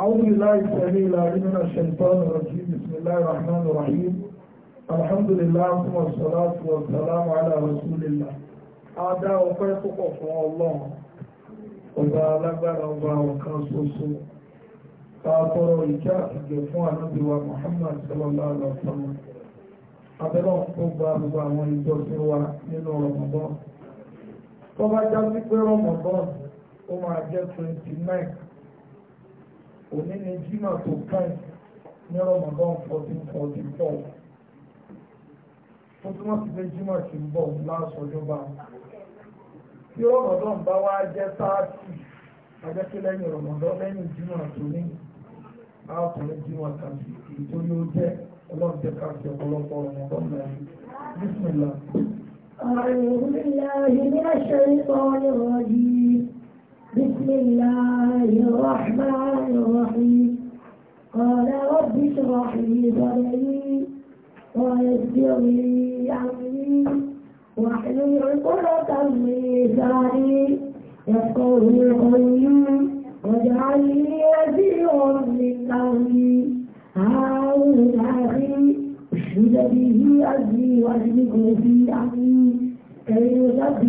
أعوذ بالله السميع العليم من الشيطان الرجيم بسم الله الرحمن الرحيم الحمد لله ثم الصلاة والسلام على رسول الله Adá ọpẹ́ púpọ̀ fún Ọlọ́run, ọba alágbára ọba ọ̀kan ṣoṣo, àtọrọ ìjá ìgbẹ̀ fún ànábì wa Muhammad sallallahu alaihi wa sallam. Abẹ́lọ́ tó gba gbogbo àwọn ìjọsìn wa nínú Ramadan. Tọ́bá já sí pé Ramadan, ó máa jẹ́ 29 òní ni jimá tó kàn ní Ramadan fourteen forty four tó túmọ̀ sí pé jimá ti ń bọ̀ lásọjọba tí Ramadan bá wá jẹ́ sáàtì ajẹ́kí lẹ́yìn Ramadan lẹ́yìn jimá tó ní àkùnrin jimá tàbí ìtòlú ó jẹ́ ọlọ́run jẹ́ káàkiri ọ̀pọ̀lọpọ̀ Ramadan mẹ́rin bísí ńlá. أعوذ بالله من الشيطان الرجيم بسم الله الرحمن الرحيم قال رب اشرح لي صدري ويسر لي امري واحلل عقدة من لساني يفقه قولي واجعل لي وزيرا من امري هارون اخي اشهد به اجري واشركه في امري كي لك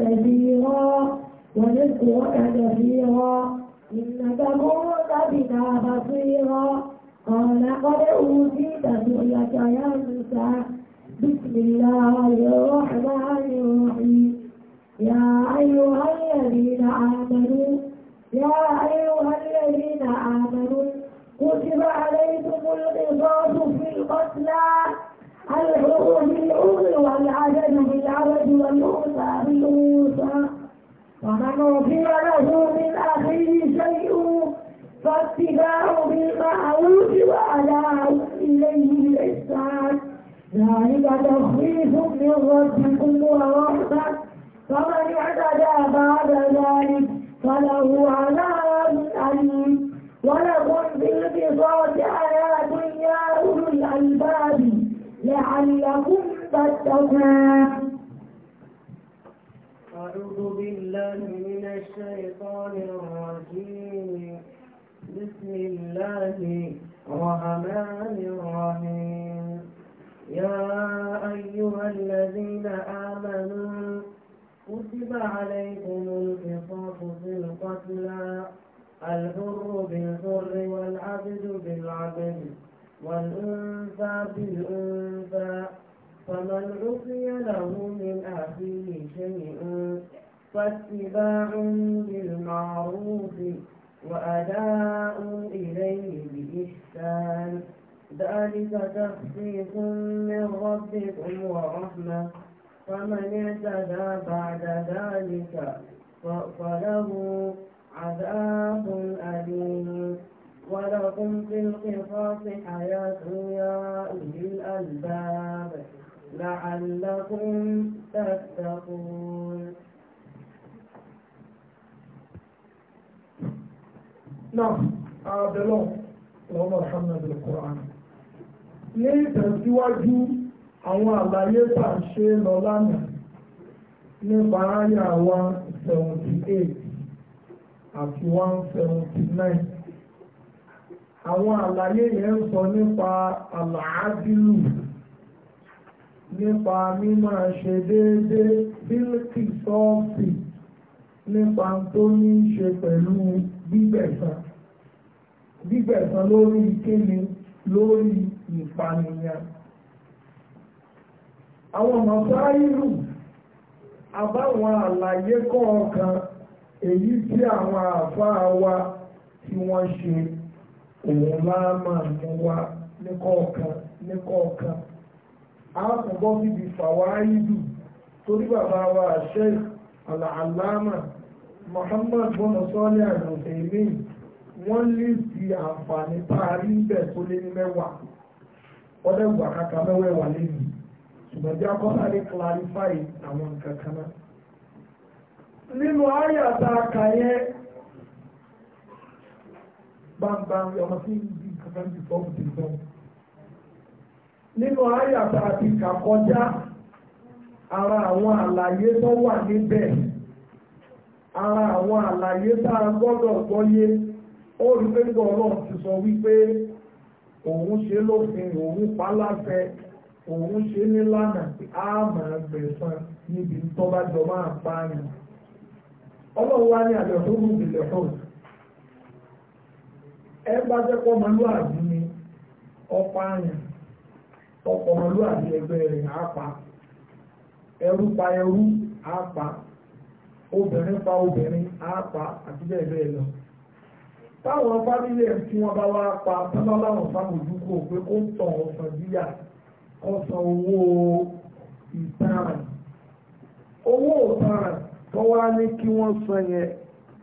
كثيرا ونذكرك كثيرا إنك كنت بنا بصيرا قال قد أوتيت سؤلك يا موسى بسم الله الرحمن الرحيم يا أيها الذين آمنوا يا أيها الذين آمنوا كتب عليكم القصاص في القتلى الحر بالحر والعدد بالعدد والأنثى بالأنثى ومن أوفي له من أخيه شيء فاتباع بالمعروف وأداء إليه بالإحسان ذلك تخفيف من ربكم ورحمة فمن اعتدى بعد ذلك فله عذاب أليم ولكم في القصاص آيات يا أولي الألباب لعلكم تتقون أعوذ بالله من الشيطان الرجيم بسم الله الرحمن الرحيم يا أيها الذين آمنوا كتب عليكم القصاص في القتلى الحر بالحر والعبد بالعبد والأنثى بالأنثى فمن عفي له من أخيه شيء فاتباع بالمعروف وأداء إليه بإحسان ذلك تخفيف من ربكم ورحمة فمن اعتدى بعد ذلك فله لعلكم تتقون نعم عبدالله اللهم ارحمنا بالقرآن ní ìtẹ̀síwájú àwọn àlàyé tà ṣe lọ lánàá nípa àyà 178 àti 179 àwọn àlàyé yẹn ń sọ nípa àlàádìlù nípa mímọ̀ ṣe déédé bílkì sọ́ọ̀sì nípa tó ní ṣe pẹ̀lú gbígbẹ̀san gbígbẹ̀san lórí kíni lórí ìpànìyàn àwọn mọ̀sáírù àbáwọn àlàyé kọ̀ọ̀kan èyí tí àwọn àfáà wa tí wọ́n ṣe òun láàmà mú wa ní kọ̀ọ̀kan ní kọ̀ọ̀kan àápùbọ́ bíbi fàwáìdù torí bàbá wa sheikh alàlámà Muhammad bọ́nà sọ́lẹ̀ àjọ̀tẹ̀ ilé wọ́n lè fi àǹfààní parí bẹ̀ tó lé ní mẹ́wàá ọdẹ́gbà kàkà mẹ́wàá lẹ́yìn ṣùgbọ́n jẹ́ akọ́sáré clarify àwọn kankan náà nínú àyàtà kàyẹ́ bàbá ọmọ kankan bí fọ́ọ̀mù nínú àyàtà àti kàkọjá ara àwọn àlàyé tó wà níbẹ̀ ara àwọn àlàyé tá a gbọ́dọ̀ gbọ́yé olùgbégbọ́ ti sọ wípé òun ṣe lófin òun paláfẹ́ òun ṣe nílànà á máa gbẹ̀san níbi tó bá jọ máa pa ni ọlọ́run wá ní ìbílẹ̀ fún ọ̀pọ̀lọ́lúwàbí ẹgbẹ́ rẹ̀ á pa ẹrú pa ẹrú á pa obìnrin pa obìnrin á pa àti bẹ́ẹ̀ bẹ́ẹ̀ lọ táwọn fámílì ẹ̀ tí wọ́n bá wá pa tábà láwọn fámójúkò pé kó ń tàn ọ̀sán díyà ọ̀sán owó ìtaràn owó ìtaràn tó wá ní kí wọ́n san yẹn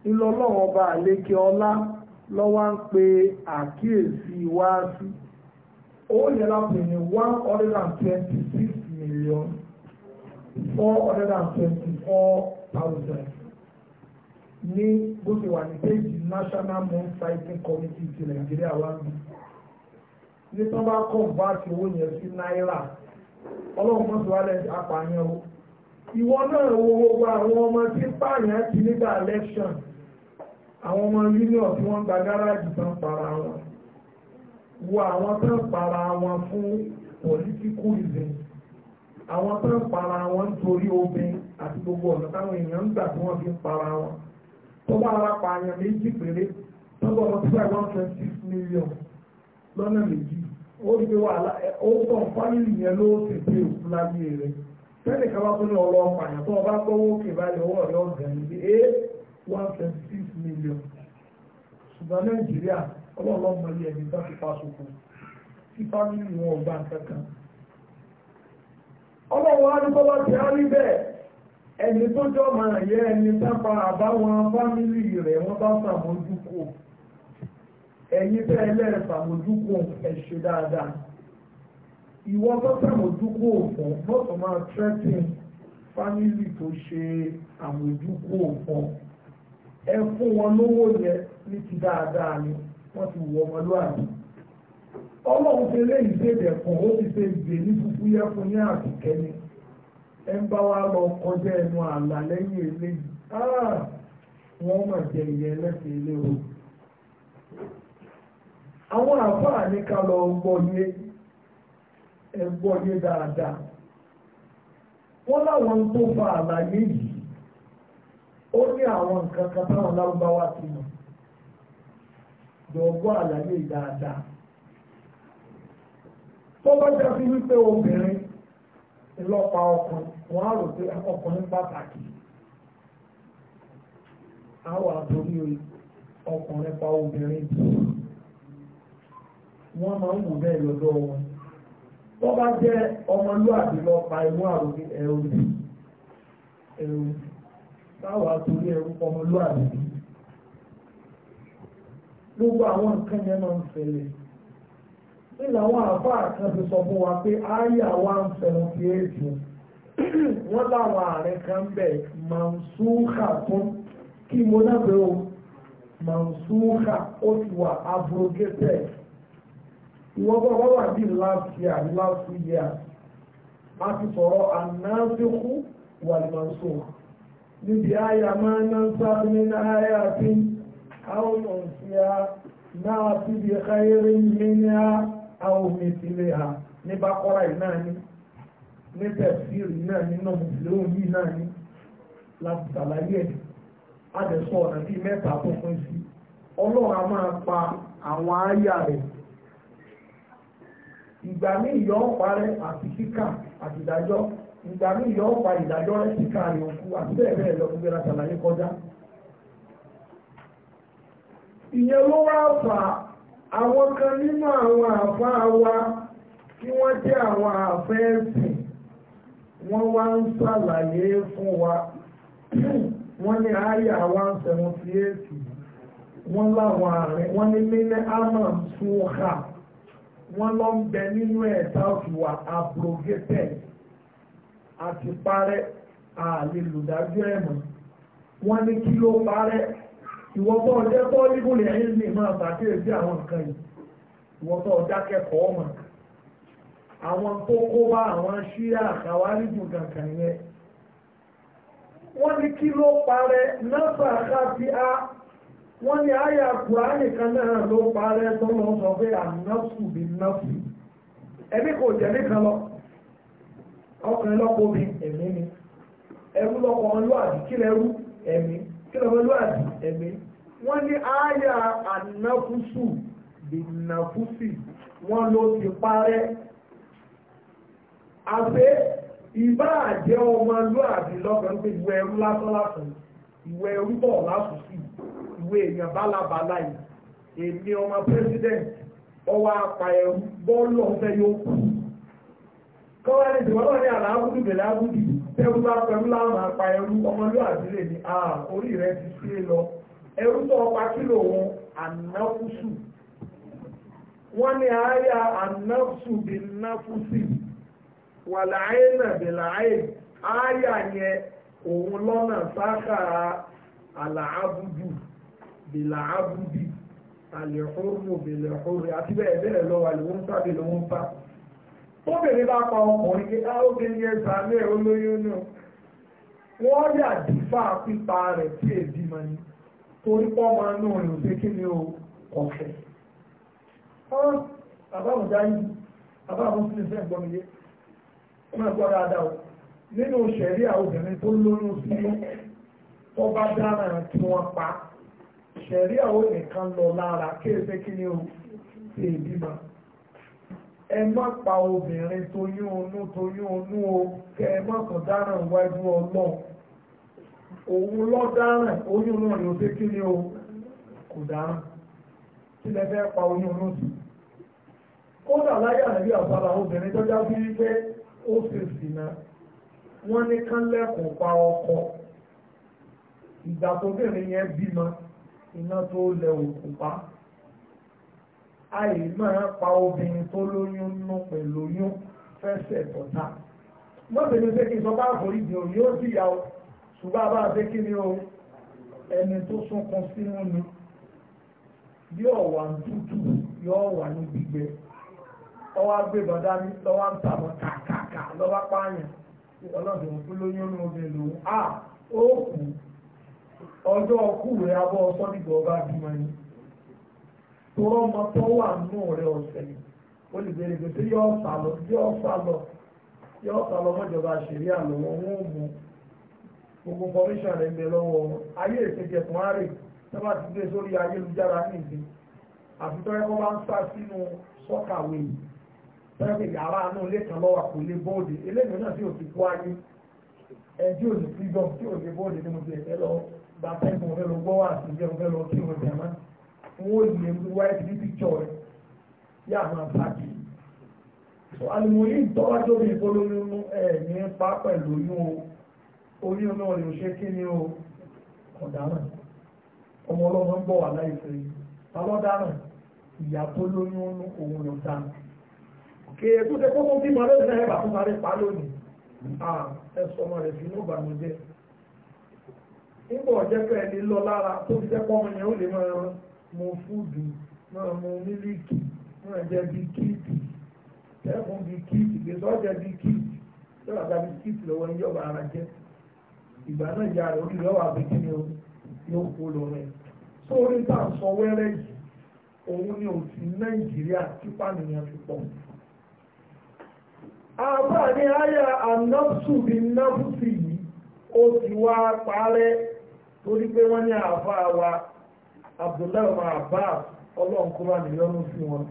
ńlọ́lọ́wọ́ bá àlékè ọlá lọ́wọ́ ń pe àkíyèsí wá sí. Si Onyela penny one hundred and twenty-six million four hundred and twenty National Moon Committee ti nigeria wá ń Ní tí bá kọ́ bá ti owó yẹn sí náírà, ọlọ́run mọ́tò apààyàn o. Ìwọ náà gbogbo àwọn ọmọ tí pààyàn ti nígbà election, àwọn ọmọ union tí wọ́n gba gáràjì tán para wo àwọn tó ń para wọn fún politicism àwọn tó ń para wọn nítorí obìnrin àti gbogbo ọ̀nà táwọn èèyàn ń gbà tí wọ́n fi ń para wọn tó bá ara pa àyàn méjì péré tó bá ọmọ tó one twenty six million lọ́nà méjì ó rí pé wàhálà ó tàn fámìlì yẹn ló ti pé òkú láyé rẹ̀ tẹ́lẹ̀ ká bá tún ní ọ̀rọ̀ ọkọ̀ àyàn tó ọba gbọ́wọ́ òkè báyìí ọwọ́ rẹ̀ ọ̀gá yìí one twenty six million ṣùgbọ́n Nàìjíríà ọlọ́ọ̀lọ́ mọ iye ẹ̀mí bá fi fa sòfò tí fámìlì wọn ò gbà nǹkan kan ọlọ́wọ́ adúgbọ́lá ti á rí bẹ́ẹ̀ ẹni tó jọ máa yẹ ẹni tápa àbáwọn fámìlì rẹ̀ wọ́n bá ṣàmójúkò ẹ̀yin tẹ́ ẹlẹ́rẹ̀ ṣàmójúkò ẹ ṣe dáadáa ìwọ tó ṣàmójúkò òfin mọ́tò máa tẹ́tìn fámìlì tó ṣe àmójúkò òfin ẹ fún wọn lówó yẹ ní ti dáadáa ni. wọ́n ti wọ ọmọlúwàbí ọlọ́run fi lé ìbéèrè kan ó ti ṣe ìgbè ní fúfú yẹ fún ẹ wa lọ kọjá ẹnu àlà lẹ́yìn eléyìí ah! wọ́n mà jẹ ìyẹn ẹlẹ́sìn ilé o àwọn àfáà ní ká lọ gbọ́ yé ẹ gbọ́ yé dáadáa wọ́n láwọn tó fa àlàyé yìí ó ní àwọn nǹkan kan táwọn lárúbáwá ti mọ̀ jọ̀wọ́ àlàyé dáadáa tó bá jẹ́ sí wípé obìnrin ìlọ́pa ọkùn, wọ́n á rò pé ọkùnrin pàtàkì àwọn àtòrí ọkùnrin pa obìnrin jù wọ́n máa ń wù bẹ́ẹ̀ lọ́dọ̀ wọn tó bá jẹ́ ọmọlúwàbí lọ inú àròkè gbogbo àwọn nǹkan yẹn máa ń ṣẹlẹ̀ nígbà àwọn àfáà kan ti sọ fún wa pé àyà wa ń fẹ̀ràn sí èjì wọ́n láwọn ààrẹ kan bẹ̀ mansuha tó kí mo lábẹ́ o mansuha ó ti wà abrogated ìwọ́n bá wà wà ní last year last year a ti sọ̀rọ̀ ànáfíkú wà ní mansuha níbi àyà máa ń náà sábẹ́ ní àyà tí ń أو ننسيها نأتي بخير منها أو مثلها ní Bákọ́rà yìí náà ní ní tẹ̀síìrì yìí ní náà mùsùlùmí yìí náà ní láti ṣàlàyé ẹ̀ mẹ́ta tó ma pa àwọn rẹ̀ ìgbà parẹ́ àti kíkà àti ìdájọ́ ìgbà pa ìdájọ́ rẹ̀ kíkà àti bẹ́ẹ̀ ìyẹn ló wá fà àwọn kan nínú àwọn àfá wa tí wọ́n jẹ́ àwọn àfẹ́ẹ̀sì wọ́n wá ń ṣàlàyé fún wa wọ́n ní àyà one seventy eight wọ́n láwọn àárín wọ́n ní mílẹ̀ amọ̀ sùnwọ̀n wọ́n lọ ń bẹ nínú ẹ̀ta òfìwà abrogated àti parẹ́ àlelùdájọ́ ẹ̀mọ́ wọ́n ní kí ló parẹ́ ìwọ́tọ́ ọjẹ́ tó lígúnlẹ̀ ẹ̀yìn ní máa bàjẹ́ sí àwọn nǹkan yìí àwọn tó kó bá àwọn ṣíyà àkàwárí jù kankan wọ́n ní kí ló parẹ́ nọ́ọ̀sà àkáàtì á wọ́n ní àyà náà ló parẹ́ tó lọ sọ pé bí ẹni kò jẹ́ nìkan lọ ọkùnrin ni ẹrú ọlọ́àdì kí lẹ́rú ẹ̀mí kí wọ́n ní àyà ànáfúsù bìnàfúsì wọ́n ló ti parẹ́ àfẹ́ ìbá àjẹ́ ọmọ lóàbí lọ́kàn pé ìwẹ̀ ẹrú lásán lásán ìwẹ̀ ẹrú bọ̀ lásùn sí ìwẹ̀ èèyàn bálabàlá yìí èmi ọmọ president ọwọ́ apá ẹrú bọ́ọ̀lù ọ̀fẹ́ yóò kú kọ́wá ní ìwọ́n náà ní àlàábùdù bẹ̀rẹ̀ ábùdù tẹ́rù bá pẹ̀lú láwọn apá ẹrú ọmọlúwàbí lè ní àà orí rẹ̀ ti sí lọ ẹrú tó ọpa kílò wọn ànáfúsù wọ́n ní àáyá ànáfúsù bí náfúsì wà láàyè náà bí láàyè àáyá yẹn òun lọ́nà sákàrà àlàábùdù bí làábùdì àlèhóró bí lèhóró àti bẹ́ẹ̀ bẹ́ẹ̀ lọ àlèhóró sábẹ̀ lòún pa tóbìnrin bá pa ọkùnrin kí áóbìnrin yẹn sàmì ẹ̀ olóyún náà wọ́n yà dìfà pípa rẹ̀ tí èdè mọ́ni torí pọ́ máa ń náà lò pé kí ni o ọ̀fẹ́. àbáwọn dáyé àbáwọn sí ìfẹ́ ìgbọ́mìyé wọ́n gbọ́ dáadáa o nínú ṣẹ̀rí obìnrin tó lóyún sí tó bá dára tí wọ́n pa ṣẹ̀rí àwọn nìkan lọ lára kéèké kí ni o ṣe ìbímọ ẹ má pa obìnrin tó yún ọnú tó yún ọnú o kẹ ẹ má kàn dára wájú ọlọ́run òun lọ dáràn oyún náà ló dé kí ni o kò dáràn lẹ pa oyún náà sí kódà láyé àrí àbára obìnrin tó já sí wípé ó ṣe sì náà wọ́n ní kánlẹ̀kùn pa ọkọ ìgbà tóbìnrin yẹn bímọ iná tó lẹ òkú pa àyè máa pa obìnrin tó lóyún nú pẹ̀lú oyún fẹsẹ̀ tọ̀ta mọ́bìnrin pé kí n sọ bá àforíjì o ṣùgbọ́n bá ṣe kí ni o ẹni tó sunkún sínú ni yóò wà tútù yóò wà ní gbígbẹ ọwọ́ gbé bàdá mi lọ́wọ́ ń tàbọ̀ kàkàkà lọ́wọ́ pààyàn ọlọ́dún òkú lóyún ní omi lòun a ó kù ọjọ́ ọkù rẹ̀ abọ́ sọ́dìgbà ọba bímọ ni tọrọ ọmọ tó wà nù rẹ̀ ọ̀sẹ̀ ni ó lè bẹ̀rẹ̀ pé yóò sálọ yóò sálọ yóò sálọ mọ́jọba àṣírí àlọ́ wọn ó mú un gbogbo kọmíṣàn rẹ̀ ń bẹ lọ́wọ́ wọn ayé ìṣèjẹ fún ààrẹ tó bá ti gbé sórí ayélujára ní ìdí àfitọ́ ẹ̀kọ́ bá ń sá sínú sọ́kàwé tẹ́lẹ̀ yàrá inú ilé kan lọ́wọ́ kò lè bóòdì eléyìí náà tí ò ti kó ayé ẹ̀ tí ò ní freedom tí ò lè bóòdì ní mo ti ẹ̀fẹ́ lọ gba tẹ́gbọ̀n fẹ́ lọ gbọ́ wà sí ìjẹun fẹ́ lọ kí wọn jẹ̀mọ́ wọn ò lè wá ẹ̀ sí píkṣọ rẹ̀ yà máa pàkì. àlùmọ́yìn tọ́wájú mi ìpolówó ẹ̀ ní pa pẹ̀lú oyún orí ọlọ́run ò ṣe kí ni o ọ̀daràn ọmọ ọlọ́mọ ń bọ̀ wà láìpẹ́ yìí alọ́daràn ìyá tó lóyún ọ̀nù òun ló dá kéèkú tẹ kókó bímọ lẹ́sẹ̀ ẹ̀ bàtú parí pa lónìí ẹ sọ ọmọ rẹ̀ sínú ìbànújẹ́ nígbà ọ̀jẹ́ pẹ́ ẹni lọ lára tó fi tẹ́kọ́ ọmọ yẹn ó lè máa mu fúdù máa mu mílíkì máa jẹ bisikíìtì tẹ́kùn bisikíìtì gbèsè ọ̀jẹ̀ bisikíìtì yọ̀ọ̀ àgbà bisikíìtì lọ́wọ́ ní yọ̀ọ̀ ara jẹ́ ìgbà náà ìyá rẹ̀ orí rẹ̀ wà pé kí ni o yóò kó lọ rẹ̀ tó orí tá à ń sọ wẹ́rẹ́ yìí òun ni òfin nàìjíríà tí pànìyàn fi pọ̀ àbáni àyà ànáfùsùbí náfùsì yìí ó ti wá parẹ́ torí pé wọ́n ní àbá wa Abdullahi ma àbá ọlọ́run kó bá níyọnu sí wọn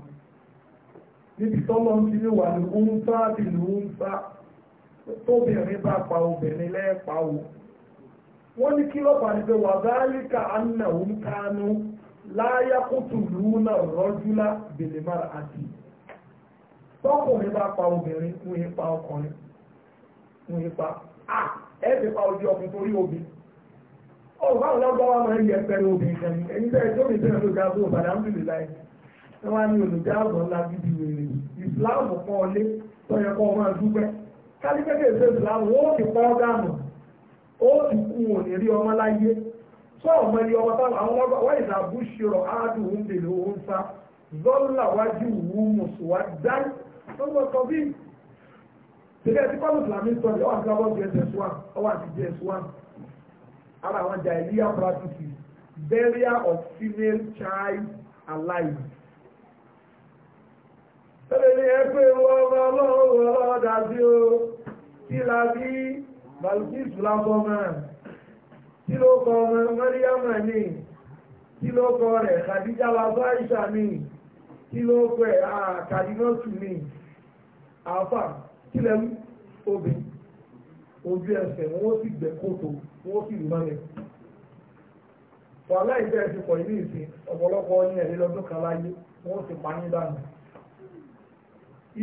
níbi tọ́lọ́ ti ní wà ní oúnfà bìlú oúnfà tóbìnrin bá pa obìnrin lẹ́ẹ̀pá o. wọ́n ní kí lọ́pàá ní pé wàdálíkà annahum kánú láyàkútù lúúnà rọ́júlá bèlèmára àti tọkùnrin bá pa obìnrin wọ́n yé pa ọkùnrin wọ́n yé pa a ẹ ti pa ojú ọkùnrin torí obì ọ̀rọ̀ báwo lọ́gbọ́n wa máa ń yẹ obìnrin kan ẹni bẹ́ẹ̀ tó bẹ́ẹ̀ ló ga tó ń ní olùdáàbọ̀ ńlá wèrè ìsìláàmù ó ti kú wọn ní rí ọmọ láyé tó ọmọ ní ọmọ táwọn àwọn ọgbà wáyé náà bú ṣírọ áádùn ń bèèrè sá zọ́là wájú wú mùsùlùmá dán lọ́wọ́ sọ bí tẹ́lẹ̀ tí kọ́lù fìlàmì sọ ní ọwọ́ burial of female child alive tẹ́lẹ̀ o kí la bí balkis lábọ́mọ́ kí ló kọ ọmọ mẹ́ríàmà ní kí ló kọ rẹ̀ kàdíjà lábọ́ àìsà ní kí ló kọ ẹ̀ àkàdínọ́tù ní àfà kílẹ̀ obì ojú ẹsẹ̀ wọ́n sì gbẹ̀ kótó wọ́n sì rí mọ́lẹ̀ wàhálà ìfẹ́ ti pọ̀ ìlú ìsìn ọ̀pọ̀lọpọ̀ ní ẹ̀rí lọ́dún kan láyé wọ́n sì pa ní dànù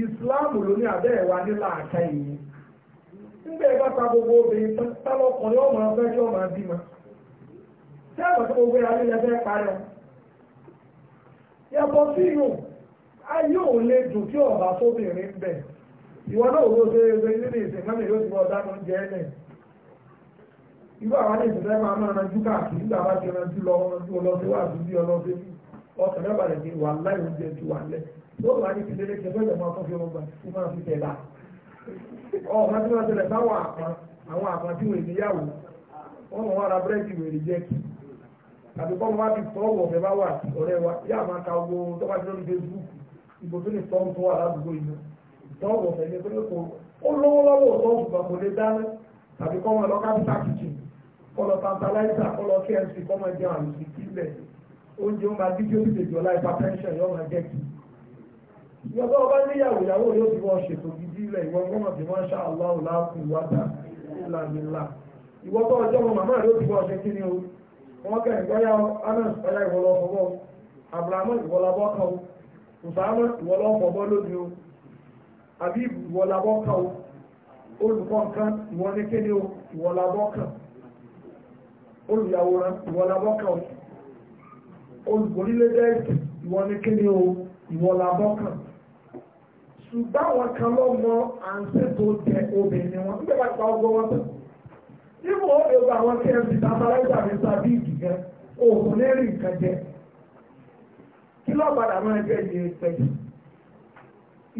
ìsìláàmù ló ní abẹ́ ẹ̀wà nílà àká ìyẹn mgbe ìbá ta gbogbo obi tán kọrọ ọ ma ọfẹ kí tí àwọn tó gbogbo ayé lẹfẹ parí ọ yàtọ̀ sí ìlú ayé ò lè dùn tí ọba sóbìnrin bẹ ìwọ náà ṣe ṣe ìsìn jẹ irú àwọn ní máa káàkiri nígbà bá ti lọ wà bí bí ọkàn wà ìjọba fi ọmọ gbà fún ọmọ tí wọ́n tẹ̀lẹ̀ sáwọn àpọn àwọn àpọn tí wọ́n ìgbéyàwó wọ́n mọ̀ wọ́n ara búrẹ́dì wèrè jẹ́ kí tàbí kọ́ wá bí tọ́wọ̀ ọ̀fẹ́ bá wà sí ọ̀rẹ́ wa yá máa ka owó tó bá ti lórí Facebook ìbò tó lè tọ́wọ́ tó wà ládùúgbò yìí tọ́wọ̀ ọ̀fẹ́ ní pé kò ó lówó lọ́wọ́ tọ́wọ́ ṣùgbọ́n kò lè dáná tàbí kọ́ wọn lọ kápítà kìkìn kọ́ lọ tantalizer kọ́ lọ KFC kọ́ máa jẹun àlùsí kílẹ̀ oúnjẹ ó máa dídí ó sì tètè ọlá ìpa pension yóò máa jẹ́ kìí ìyọ̀tọ̀ ọba níyàwó ìyàwó yóò ti wọ́n ṣètò gidi ilẹ̀ ìwọ gbọ́mọ̀ tí wọ́n ṣá aláwò láàkú wádà ìlànìlà ìwọ́tọ̀ ọjọ́ wọn màmá yóò ti wọ́n ṣe kí ni o wọ́n kẹ́rin gbọ́yà anas ọ̀yà ìwọlọ́fọ̀bọ́ abrahamu ìwọlọ́bọ́ kan o usama ìwọlọ́fọ̀bọ́ lóbi o abib ìwọlọ́bọ́ kan o olùkọ́ nǹkan ìwọ ní kí ni o ìwọlọ́bọ́ kan olùyàwòrán ìwọlọ́bọ́ kan o olùgbòlélẹ́dẹ́ ìwọ ní kí ni o ìwọlọ́bọ́ kan ṣùgbọ́n àwọn kan ló mọ à ń ṣètò tẹ obìnrin wọn nígbà tí wọ́n gbọ́ wọn tán nígbà wọ́n lè gba àwọn kfc tàbáláìsà ní sàbíìkì gan òògùn lẹ́rìí nǹkan jẹ kí ló padà máa jẹ ìyẹn pẹ̀lú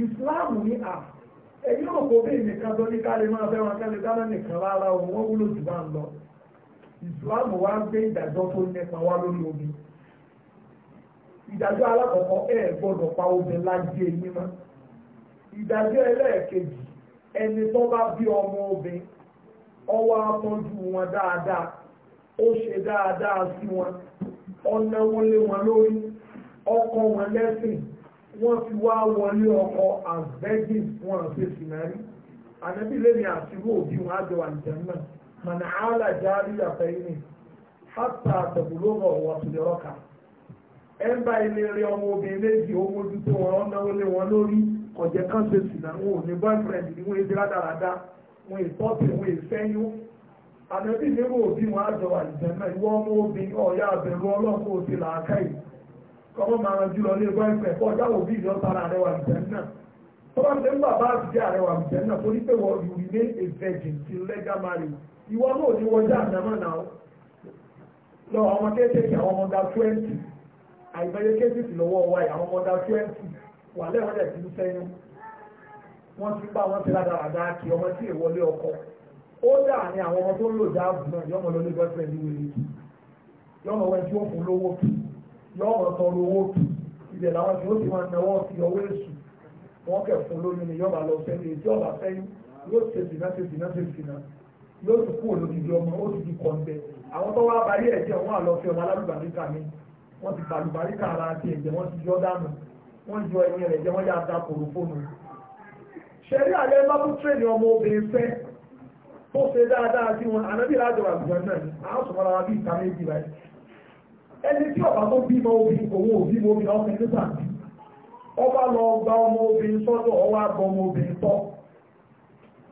ìsìláàmù ní à èyí ò kò bí nìkan tó ní kálí máa fẹ́ wọn kálí dáná nìkan rárá o wọ́n wúlò jù bá ń lọ ìsìláàmù wá gbé ìdájọ́ tó nípa wá lórí omi ìdájọ́ alákọ̀ọ́kọ́ ẹ̀ gbọ́dọ̀ pa obìnrin láyé ìdájọ́ ẹlẹ́ẹ̀kejì ẹni tó bá bí ọmọ obìnrin ọwọ́ atọ́jú wọn dáadáa ó ṣe dáadáa sí wọn ọ̀nàwó lé wọn lórí ọkọ wọn lẹ́sìn wọ́n fi wá wọlé ọkọ asbẹ́gìn wọn àti sinari ànábì lẹ́ni àtìrú òbí wọn àjọ àjẹmọ́ mọ̀nà àlà járí àfẹ́yìnì hátà àtẹ̀bùlọ́mọ̀ ọ̀wọ́ àtúndẹ̀rọ̀kà ẹ̀ ń bá ilé rí ọmọ obìnrin méjì ó mójútó wọn ọ̀nàwó lé wọn lórí kọ̀jẹ́ kan ṣe sì náà wọn ò ní boyfriend ni wọ́n èsì rádaràda wọn ètọ́tì wọn èsẹ́yún àdẹ́bí nínú òbí wọn àjọ àìjẹ̀mẹ́ ìwọ ọmọ obì ọ̀yá àbẹ̀rù ọlọ́pọ̀ òsì làákà yìí kọ́mọ́ máa ràn jùlọ ní boyfriend kọ́ ọjà òbí ìyọ́ tara àrẹwà àìjẹ̀mẹ́ tó bá ṣe ń bàbá àtijọ́ àrẹwà àìjẹ̀mẹ́ torí pé wọ́n you remain a virgin till legal marriage ìwọ náà ní wọjá àdámọ́ náà lọ àwọn kéékèèké àwọn ọmọdá twenty àìbẹ̀yẹ kéékèèké lọ́wọ́ wáyé àwọn ọmọdá twenty wà lẹ́wọ̀n rẹ̀ bínú sẹ́yìn wọ́n ti bá wọn ti ládàradà kí ọmọ tí ìwọlé ọkọ ó dà ní àwọn ọmọ tó ń lò dáàbò náà yọmọ lọ ní boyfriend wèrè kì yọmọ wẹ́n tí ó fún lówó kì yọmọ tọrọ owó kì ibẹ̀ làwọn tí ó ti máa náwó fi ọwọ́ èṣù wọ́n kẹ̀ fún lóyún ni yọmọ lọ sẹ́yìn èyí ọba sẹ́yìn yóò ṣe sìnà ṣe sìnà ṣe sìnà yóò tún kú olódìdí ọmọ ó sì di kọ̀ǹdẹ̀ àwọn tó wá wọ́n yọ ẹni rẹ̀ jẹ́ wọ́n yà dá kòrò fóònù ṣẹ̀rí àlẹ́ bá ọmọ obìnrin fẹ́ tó ṣe dáadáa sí wọn ànábì lájọ àgbà náà ni bí ìta méjì tí ọba tó bímọ obìnrin òbí obìnrin ọkùnrin ọba lọ gba ọmọ obìnrin sọ́dọ̀ ọwọ́ ọmọ obìnrin tọ́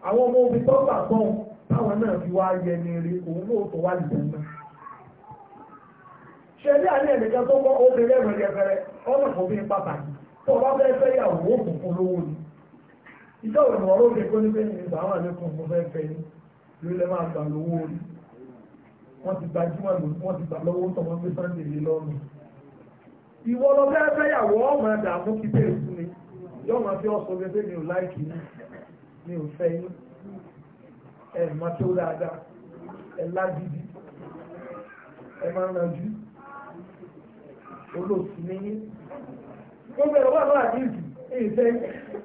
àwọn ọmọ obìnrin gbà náà fi wá yẹ ní ọmọ ìfọ̀bí pàtàkì tó ọba bẹ́ẹ̀ fẹ́ yàwó òkùn fún lówó ni ìjọ òun ọ̀rọ̀ òde kó ní pé ní ìgbà àwọn àlékún mo fẹ́ fẹ́ ní ìlú lẹ́ máa gbà lówó rí wọ́n ti gba jímọ̀ lò wọ́n ti gbà lọ́wọ́ tó wọ́n gbé sunday lé lọ́rùn ìwọ lọ bẹ́ẹ̀ fẹ́ yàwó ọmọ ẹ̀dà fún kíkẹ́ èkú ni yọ máa fi ọ̀sọ̀ gbé pé mi ò láìkì ní mi ò fẹ́ yín ẹ̀ máa tó dáadáa ẹ̀ lágídí ẹ̀ máa ń ranjú olóòtú ní yín gbogbo ẹ̀rọ wà náà ní ìdù ìṣe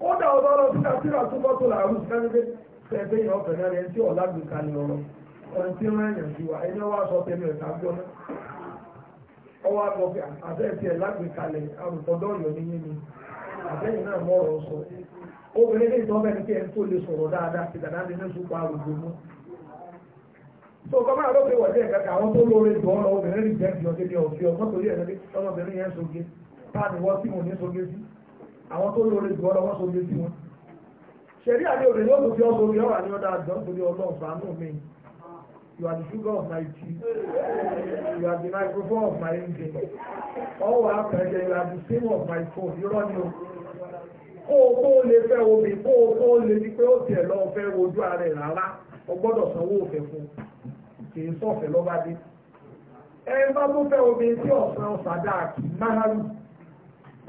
ó dà ọ̀dọ́ ọ̀rọ̀ tí na rà tó là rú sẹ́gbẹ́ sẹ́gbẹ́ yẹn ọ̀fẹ́ náà tí ọ̀rọ̀ tí wọ́n yàn wa ẹni wọ́n ẹ̀ka ọwọ́ àrùtọ́dọ́ ọ̀yọ́ ní náà mọ̀ ọ̀rọ̀ sọ obìnrin ní kí ẹ tó lè sọ̀rọ̀ dáadáa ti dàdá ní ní àrùgbò mú tó àwọn tó lórí ọmọbìnrin yẹn soge sí wọn. ṣẹ̀rí àdé òde yóò tó fi ọ́ sórí ọ̀rọ̀ àníọ́dá àjọ torí ọlọ́run ṣàánú mi You are the sugar of my tea. You are the microphone of my engine. All what happened you are the same of my phone. You don't know. Kó o kó lè fẹ́ omi, kó o kó lè ní pé ó tiẹ̀ lọ fẹ́ wojú ara ẹ̀ rárá, o sanwó òfẹ́ fún un. kì í sọ̀fẹ̀ ẹ bá fẹ́ omi tí ọ̀sán ọ̀sàdá kì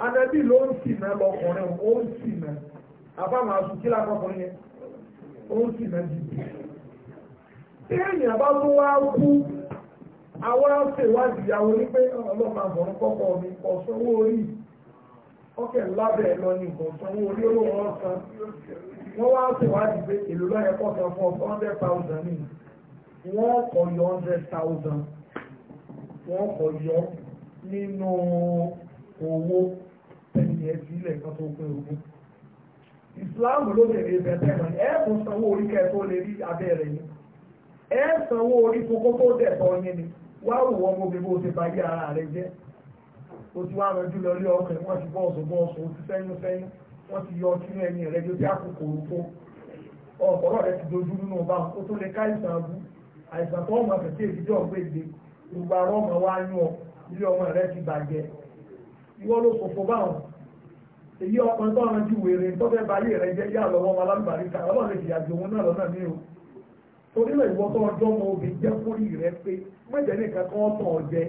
anabi ló ń sì lọkùnrin ó ń sì àbámu yẹn ó ń sì dìbò tí èèyàn bá tó wá kú àwọn ìyàwó pé ọlọ́mọ àbọ̀rún kọ́kọ́ mi kò sanwó orí lábẹ́ lọ ní kò sanwó orí olóhùn ọ̀sán wọ́n wá aṣèwádìí pé èlò fún wọ́n kọ hundred thousand wọ́n kọ yọ nínú owó ẹ̀yìn ẹ̀sílẹ̀ kan tó pé owó ìsìláàmù ló lè rí bẹ̀rẹ̀ mọ̀ ẹ̀ẹ́kùn sanwó orí kẹ́ tó lè rí abẹ́rẹ́ yìí ẹ̀ẹ́ sanwó orí kókó tó dẹ̀tọ̀ yín ni wá wò wọ́n mo bí bó ṣe báyé ara rẹ̀ jẹ́ o ti wá rọjú lọ lé ọkàn wọ́n ti bọ́ọ̀sù bọ́ọ̀sù o ti sẹ́yìn sẹ́yìn wọ́n ti yọ ọtí ẹ̀yìn rẹ̀ jẹ́ bí àkókò òfo ọ̀pọ̀lọ́ rẹ̀ ti dojú nínú ọba o tó lè ká ìsàn abú àìsàn tó ọmọ àfẹsẹ ìdíjọ gbèdé gbogbo àrọ ọmọ wa yún ọ ilé ọmọ rẹ ti bàjẹ́ ìwọ ló fòfò báwọn èyí ọkùnrin tó ọmọ ju wèrè tó fẹ́ bá yé rẹ jẹ́ yá lọ́wọ́ ọmọ alábàríkà ọlọ́run lè fìyà jòun náà lọ́nà mí o torí lè wọ́n tó ọjọ́ ọmọ obìnrin jẹ́ kórì rẹ pé mẹ́jẹ̀ nìkan kan tàn ọ́ jẹ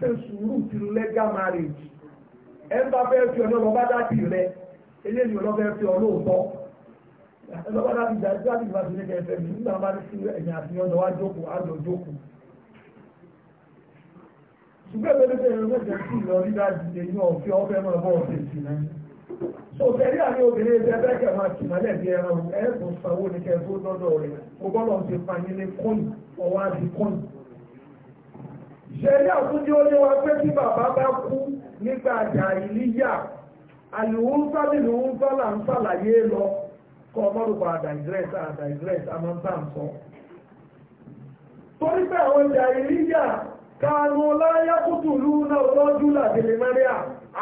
ṣe sùúrù ti legal marriage ẹ̀ ń bá fẹ́ fi ọ náà lọ bá dá bì rẹ eléyìí ọlọ́fẹ́ fi ọ lóòótọ́ ẹlọ́wọ́ láti ìjà tí láti ìgbà sílé kẹfẹ́ mi nígbà máa ní sí ẹ̀yìn àti ọ̀dọ̀ wá jókòó àjọ jókòó ṣùgbọ́n ẹgbẹ́ lóṣèlú ẹ̀rọ mẹ́jọ sí ìlọ rí dájú èyí ọ̀fẹ́ ọ̀fẹ́ mọ̀ bọ́ ọ̀fẹ́ sí náà so tẹ̀lé àní obìnrin ẹgbẹ́ bẹ́ẹ̀ kẹ̀ máa tì mọ́lẹ̀ bí ẹran ẹ̀ẹ́dùn sanwó ní kẹfẹ́ lọ́dọ̀ rẹ̀ mo gbọ́dọ̀ ti fani ní kọ́ìn ọwọ́ àti kọ́ìn ṣẹlẹ̀ àtúndí ó lé wa pé tí bàbá bá kú nígbà àjà ìlíyà àlùhùn sábìlùhùn sálà ń sàlàyé lọ kọ́ ọmọdùkọ̀ àdàìgrẹ́sì àdàìgrẹ́sì amọ́ntàǹsọ́ torí pé àwọn jàìríyà kanu láyá kútù lúnà lọ́jú làbìlì mẹ́rìà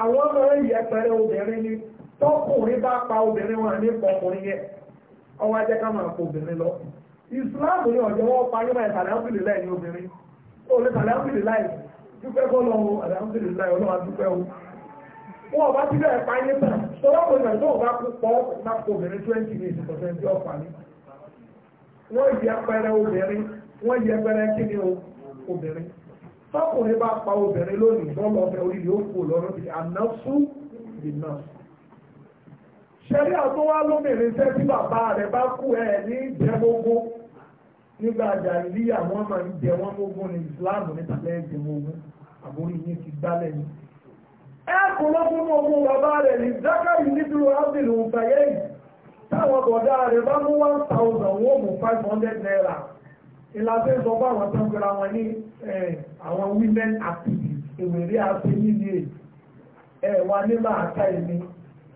àwọn ọmọ ìyẹpẹrẹ obìnrin ni tọkùnrin bá pa obìnrin wọn ní pọkùnrin yẹ ọwọ́ ajẹ́ ká máa pọ obìnrin lọ islam ní wọn pa yíma ìsàlẹ̀ áfìlì láì ní obìnrin ó lè sàlẹ̀ áfìlì láì dúpẹ́ kọ́ lọ́wọ́ wọ́n bá ti bẹ̀rẹ̀ pa ayé tán tọ́lọ́pọ̀ ìgbà tó bá kú pọ̀ máa kó obìnrin twenty minutes percent ọ̀pá ní. wọ́n yẹ pẹrẹ obìnrin wọ́n yẹ pẹrẹ kíni o obìnrin tọkùnrin bá pa obìnrin lónìí lọ́lọ́ ọbẹ̀ orí yóò kó lọ́rùn ti ànáfú di náà. ṣẹ̀rí àtún wá lómìnirin tẹ́ tí bàbá rẹ̀ bá kú ẹ̀ ní ìjẹ́gbógó nígbà jàìlíyà wọ́n máa ń jẹ wọ́n mógún ní ìsìláàmù níta lẹ́yìn ìjẹ́gbógún àbórí yín ti gbálẹ̀ yìí ẹkùn ló fún ọmọ bàbá rẹ̀ ní zákàrí nítorí ábìlì òǹfàyẹ́ yìí táwọn bọ̀dá rẹ̀ bá mú 1000 wọ́n mú 500 naira ìlàfẹ́ sọ bá àwọn tó ń gbéra wọn ní àwọn women activists ìwérí àti nílé ẹ̀wà nílà àká ẹ̀mí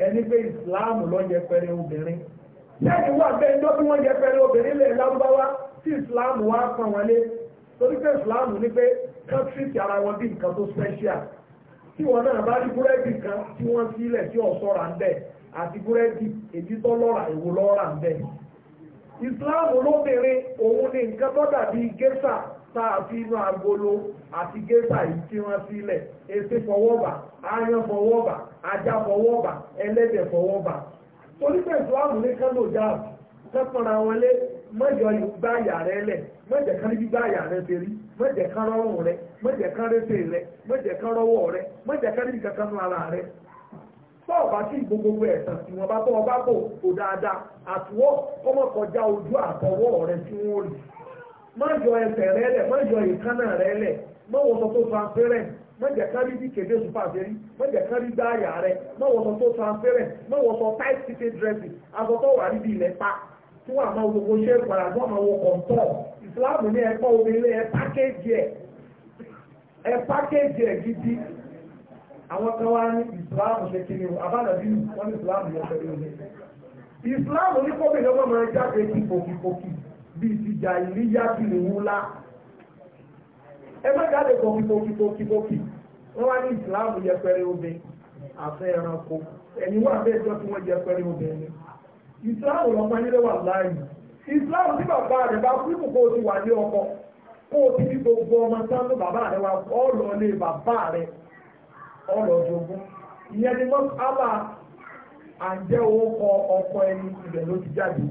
ẹni pé Islam ló yẹpẹrẹ obìnrin lẹ́yìn wà bẹ́ẹ̀ tó bí wọ́n yẹpẹrẹ obìnrin lẹ̀ lárúbáwá tí Islam wá pọ̀ wọlé torí pé Islam ní pé kọ́ńtírì ara wọn bí nǹkan tó special tí wọn náà bá rí búrẹ́dì kan tí wọ́n sílẹ̀ tí ọ̀ṣọ́ra ń bẹ̀ àti búrẹ́dì èyí tó lọ́ra èwo lọ́ra ń bẹ̀. ìsìláàmù lóbìnrin òun ni nǹkan tó dàbí gẹ́sà tá a fi inú agolo àti gẹ́sà yìí tí wọ́n sílẹ̀ èsì fọwọ́bà aáyán fọwọ́bà ajá fọwọ́bà ẹlẹ́dẹ̀ fọwọ́bà. torí pẹ̀lú àmúlẹ́kánlò jáàbù mọ́jọ gbá àyà rẹ lẹ̀ mọ́jẹ̀ kan níbi gbá àyà rẹ ṣe rí mọ́jẹ̀ kan rọrùn rẹ mọ́jẹ̀ kan rẹ́sẹ̀ rẹ mọ́jẹ̀ kan rọwọ́ rẹ mọ́jẹ̀ kan níbi kankan nu rẹ. tó ọba sí gbogbogbò ẹ̀sán tí ọba bò dáadáa àtúwọ́ ojú àtọwọ́ rẹ tí wọ́n rí. ẹsẹ̀ rẹ lẹ̀ ìkánná rẹ lẹ̀ kan níbi gbá àyà rẹ tó transparent tight fitted dressing wà tí wọ́n àmọ́ gbogbo ṣe padà tí wọ́n àmọ́ wọ kọ̀ǹtọ̀ ìsìláàmù ní ẹ̀kọ́ obìnrin ẹ̀ pákéjì ẹ̀ ẹ̀ pákéjì ẹ̀ gidi àwọn kan wá ní ìsìláàmù ṣe kiri o àbánàbí wọn ní ìsìláàmù yẹn pẹ̀lú omi ìsìláàmù ní kọ́bìnrin ọmọ máa jáde ti kòkìkòkì bíi ti jà ìníyà kiri wúlá ẹ má jáde kòkìkòkìkòkì wọ́n wá ní ìsìláàmù yẹn pẹ̀lú omi àfẹ́ ẹranko ẹ̀yìn wà bẹ́ẹ̀ jọ tí wọ́n yẹ pẹ̀lú omi ẹni ìsìláàmù lọ́mọ yín ló wà láàyè ìsìláàmù tí bàbá rẹ̀ bá kú kò kó o ti wà ní ọkọ kó o ti ní gbogbo ọmọ sáńdó bàbá rẹ̀ wà ọ̀lọ́ lé bàbá rẹ̀ ọ̀lọ́ jogún ìyẹn ni wọ́n sábà àjẹ́ owó kọ ọkọ ẹni ibẹ̀ ló ti jáde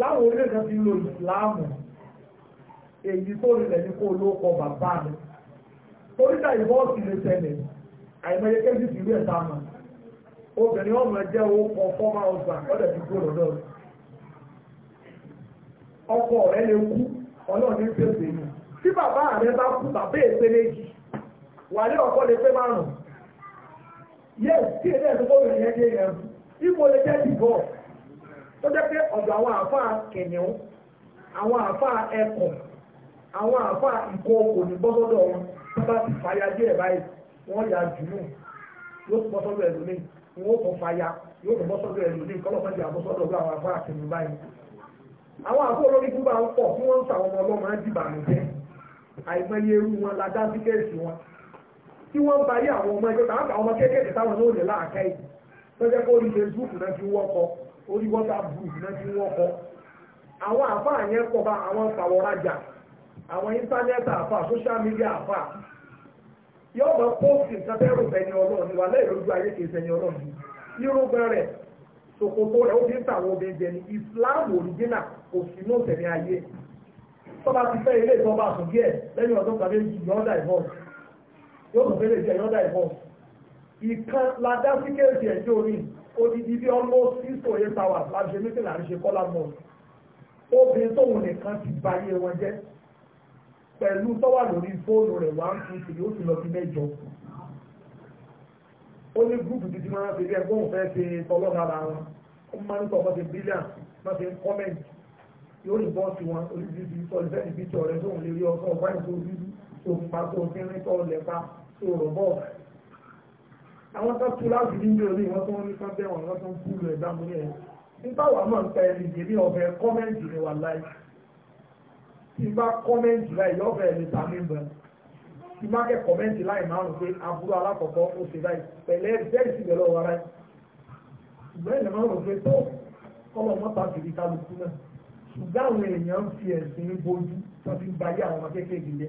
láwọn orílẹ̀ kan ti lo ìsìláàmù èyí tó rinlẹ̀ ní kó o ló kọ bàbá rẹ̀ torí ta ìbọ́ọ̀sì lè tẹ̀lẹ̀ àìmọye kéjì sí ìlú ẹ̀ sáà náà obìnrin ọmọ jẹ́ orúkọ fọ́mà ọgbà ọ̀dẹ̀ ti gbọ́dọ̀ lọ́rọ̀ ọkọ rẹ̀ lè kú ọlọ́ọ̀ni ń pèsè ní tí bàbá rẹ̀ bá kú bàbá èpè méjì wà ní ọkọ lè pé márùn yẹ tí èdè ẹ̀dùn gómìnà yẹn dé yẹn ibo lè jẹ́ dìbọ̀ tó jẹ́ pé ọ̀dọ̀ àwọn àáfàá kìnìún àwọn àáfàá ẹkùn àwọn àáfàá ìkóokò ní bọ́sọ́dọ̀ wọn tó bá ti fàyà díẹ̀ báyìí wọ́n yà jù náà yóò pọ́sọ́dọ̀ ẹ̀dùn mìíràn wọn ó tún fàyà yóò tún bọ́sọ́dọ̀ ẹ̀lú ní nǹkan lọ́pàá àbọ́sọ́dọ̀ ọgbà àwọn afárá kìnnì báyìí àwọn àbúrò lórí gbúgbà ń pọ̀ tí wọ́n ń sàwọn ọmọ ọlọ́mọ jẹ́ àìmọye wọn la wọn tí wọ́n ń ba àwọn ọmọ ẹgbẹ́ tàbí àwọn ọmọ táwọn náà lè láàkẹ́ yìí yóò lọ póòtù nǹkan bẹ́rù bẹni ọlọ́run wà lẹ́yìn lójú ayé kìí sẹni ọlọ́run irúgbẹ́ rẹ̀ ṣòkòtò rẹ̀ ó fi ń tàwọn obìnrin jẹ ní Islam òrìjínà kò sí ní òtẹ̀mí ayé tọ́ba ti fẹ́ ilé ìtọ́ba àtún díẹ̀ lẹ́yìn ọdún kan méjì yọ̀ọ́dà ìbọn yóò tún fẹ́lẹ̀ jẹ yọ̀ọ́dà ìbọn ìkan la dá sí kéèjì ẹ̀jẹ̀ orí odidi bí almost six to eight hours láti ṣe mítìlá àríṣe kọ́lá mọ́ obìnrin tóun nìkan ti báyé wọn jẹ́ pẹ̀lú tọ́wà lórí fóònù rẹ̀ wá ń tún tìlú ó sì lọ sí mẹ́jọ ó ní gúrùpù títí máa ń fi ẹgbẹ́ òun fẹ́ ṣe tọ́lọ́ lára wọn ó máa ń tọ́ ọmọ ti bílíà máa fi ń kọ́mẹ̀ntì yóò ní bọ́ọ̀sì wọn oríṣiríṣi sọ ìfẹ́ ìbí tí ọ̀rẹ́ tó ń lè rí ọkọ̀ ọ̀gbá ìfọ̀ orí tó ń pa tó ń fi rìn tọ́ lẹ́pa tó rọ̀ bọ́ọ̀ àwọn tó tú láti ní ilé orí wọn tó ń rí kán wọn tó ń kú lọ ẹ̀dá mú nígbà wà náà ń pa ẹ̀ tí n bá kọ́mẹ́ǹtì láì yọ̀ọ̀fẹ́ mi ta mi bẹ̀rẹ̀ tí n bá kẹ́ kọ́mẹ́ǹtì láì máa rò pé aburú alákọ̀ọ́kọ́ ó ṣe láì pẹ̀lẹ́ bẹ́ẹ̀ sì bẹ̀rẹ̀ ọ̀wá láì ṣùgbọ́n ẹ̀lẹ́ máa rò pé tó kọ́lọ̀ mọ́ta kiri kálukú náà ṣùgbọ́n àwọn èèyàn fi ẹ̀sìn bojú tó fi gba ayé àwọn kéékèèké jẹ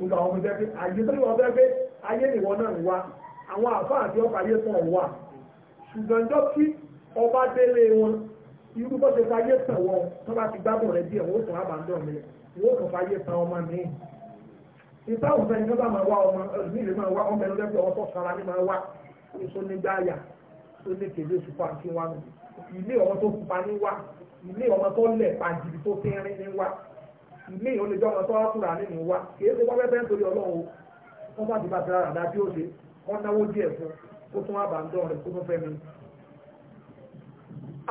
olùkọ́ àwọn ọmọdé pé ayé tó wọ́n fẹ́ pé ayé nìwọ náà ń wá àwọn àfáà àti ọkọ̀ ayé tán wà ṣùgbọ́n jọ kí ọba délé wọn irú bó ṣe fa ayé tàn wọn tó bá ti gbádùn rẹ díẹ̀ wọ́n ó tún àbàdàn mi wọ́n kò fàyè tan ọmọ mi. ìta òfin ní bá máa wá ọmọ ẹ̀sìn ìlú máa wá ọmọ ẹ̀rọ lẹ́gbẹ̀ẹ́ ọmọ tó sara ní máa wá oṣù nígbàyà tó ní kèlé oṣù pa kí wá nù. ilé ọmọ tó pupa ní wá ilé ọmọ tó lẹ̀ pàjìbì tó tẹ́rín ní wá ilé olùjọ́ ọmọ tó kúrà ní ní wá kì í ṣe wọ́n fẹ́ẹ́ torí ọlọ́run wọ́n bá ti bá tẹ̀lé àdá bí ó ṣe wọ́n náwó díẹ̀ fún kó tún àbàndọ́ rẹ̀ kó tún fẹ́ mi.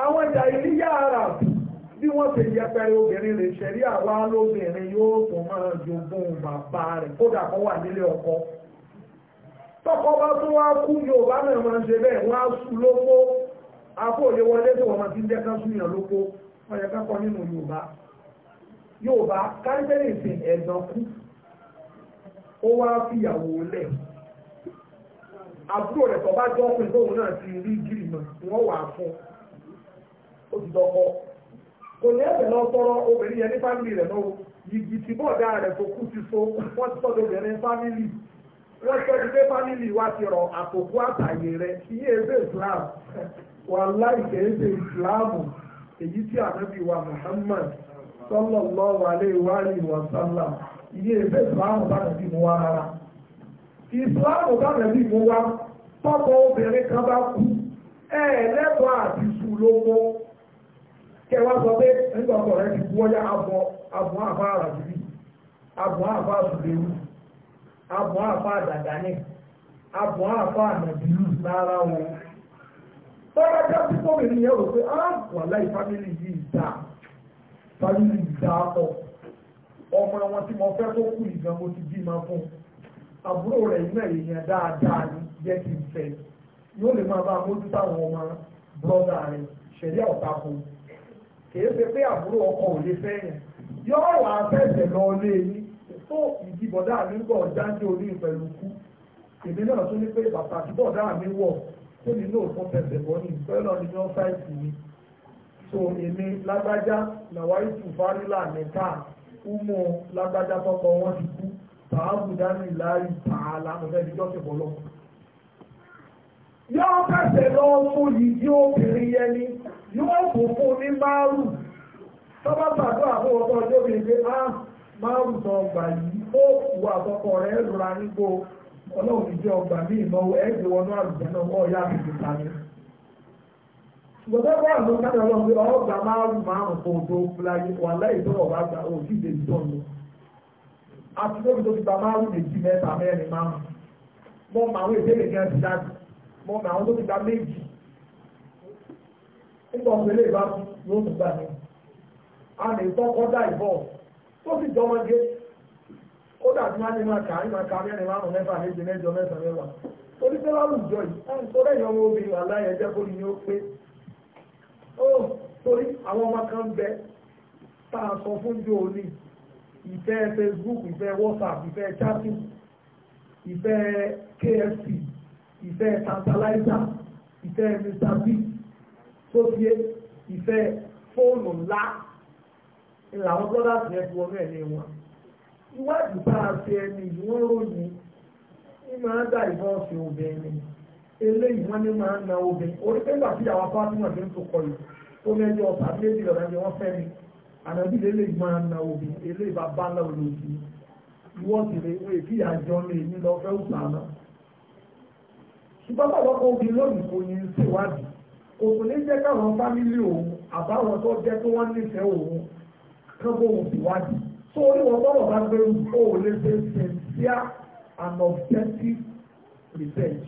àwọn ìyá ìlú yára bù bí wọ́n ṣe yẹpẹrẹ obìnrin rẹ̀ ṣẹ̀rí àwa lóbìnrin yóò tún máa jogún bàbá rẹ̀ kódà kó wà nílé ọkọ tọkọ bá tún wá kú yorùbá náà máa ń ṣe bẹ́ẹ̀ wọ́n á sùn lóko àpò òye wọlé tó wọ́n máa ti ń jẹ́ kán súnyàn lóko wọ́n yẹ kákọ́ nínú yorùbá yorùbá kárípẹ́lì ìsìn ẹ̀dàn kú ó wá fìyàwó lẹ̀ àbúrò rẹ̀ tó bá jọ́ pé tóun náà ti rí gírì mọ̀ wọ́n wà fún ó ti dọ́kọ́ kò ní ẹ̀fẹ̀ lọ obere obìnrin yẹn ní fámìlì rẹ̀ náà yìí ti bọ̀ rẹ̀ tó kú ti so wọ́n ti sọ́dọ̀ obìnrin fámìlì wọ́n ti sọ́dọ̀ pé fámìlì wa ti rọ àtòkú àtàyè rẹ̀ ebe Islam wà láìkẹ́ ebe Islam èyí tí ànábì wa Muhammad sallallahu alaihi wa wà ebe Islam wá rárá Islam wá obìnrin kan bá kẹ wá sọ pé nígbà ọkọ rẹ ti kú ọyá abọ abọ àfa àràbíbí abọ àfa àsùlẹ̀wù abọ àfa àdàdánì abọ àfa ànàbílù lára wọn. tọ́lá jẹ́ púpọ̀ mi ni yẹn rò pé á wà láì fámìlì yìí dá fámìlì yìí dá pọ̀ ọmọ wọn tí mo fẹ́ kó kú ìgbọ̀n mo ti bímọ fún àbúrò rẹ̀ yìí náà èèyàn dáadáa ni jẹ́ kí n fẹ́ yóò lè máa bá mójútó àwọn ọmọ bọ́dà rẹ̀ ṣẹ̀rí ọ̀tá fún un kìí ṣe pé àbúrò ọkọ ò lè fẹ́ yẹn yọ̀ọ́ wà á fẹ̀sẹ̀ lọ lé yín tó ìdìbọ̀dá mi ń bọ̀ jáde orí pẹ̀lú kú èmi náà tún ní pé bàtà ìdìbọ̀dá mi wọ̀ tó ní lóòótọ́ fẹ̀sẹ̀ bọ́ ní ìfẹ́ náà ní wọ́n fáìtì mi so èmi lágbájá làwárí tù fárílà mẹ́ta umu lágbájá tọkọ wọn ti kú tààbù dání láàyè tààlà ọ̀fẹ́ ìdíjọ́ kẹ̀kọ́ lọ́kùn yóò kẹsẹ̀ lọ fún yìí obere ihe ni yóò kò fún ní márùn tọ́bá pàdó àwọn ọkọ̀ pé ah, ọgbà yìí ó wù rẹ̀ nígbò ọgbà ní ẹgbẹ̀ wọnú àrùjẹ́ náà wọ́n yá Gbogbo àwọn pé ọgbà márùn márùn kò tó wà láì tó ìtọ́nu. Àti tó ti márùn mọ na àwọn tó gba méjì nígbà ọ̀sẹ̀ lè bá yóò tún gbà a lè tọ́kọ́ dá ìbọ̀ tó sì jọmọdé ó dàbí má ní máa kà á máa kà mẹ́rin márùn mẹ́fà méje mẹ́jọ mẹ́sàn mẹ́wàá torí pé láwùjọ yìí á ń sọ̀rọ̀ ẹ̀yọ́ wọn obìnrin aláyẹ jẹ́ kó ní ó pé ó torí àwọn ọmọ kan bẹ tá a sọ fún jọ òní ìfẹ́ Facebook ìfẹ́ WhatsApp ìfẹ́ chatting ìfẹ́ KFC ìfẹ́ tantalizer ìfẹ́ mr b tó fi ìfẹ́ fóònù ńlá làwọn brothers yẹn fi wọnú ẹ̀mí wọn ìwádìí bá a ṣe ẹni yìí wọ́n ròyìn ní máa ń dá ìfọ́ọ̀sì obìnrin eléyìí wọ́n ní máa ń na obìnrin orí pẹ́ńgbà tí àwọn fátímọ̀ ti ń tó kọ yìí tó mẹ́jọ ọ̀sà méjì ọ̀rẹ́ ni wọ́n fẹ́ mi àdàbí eléyìí máa ń na obìnrin eléyìí bá bá náà lòdì ìwọ́sì rẹ̀ wọ́n èkìyà jọ ní èmi lọ fẹ́ òsà náà ṣùgbọ́n pọ̀lọpọ̀ obìnrin lónìí kò ní í ṣèwádìí kò kò ní jẹ́ káwọn fámílì òun àbáwọn tó jẹ́ tó wọ́n nífẹ̀ẹ́ òun kọ́gbọ́n òun ṣèwádìí tó orí wọn bọ́rọ̀ bá gbé o ò lè ṣe sincere and objective research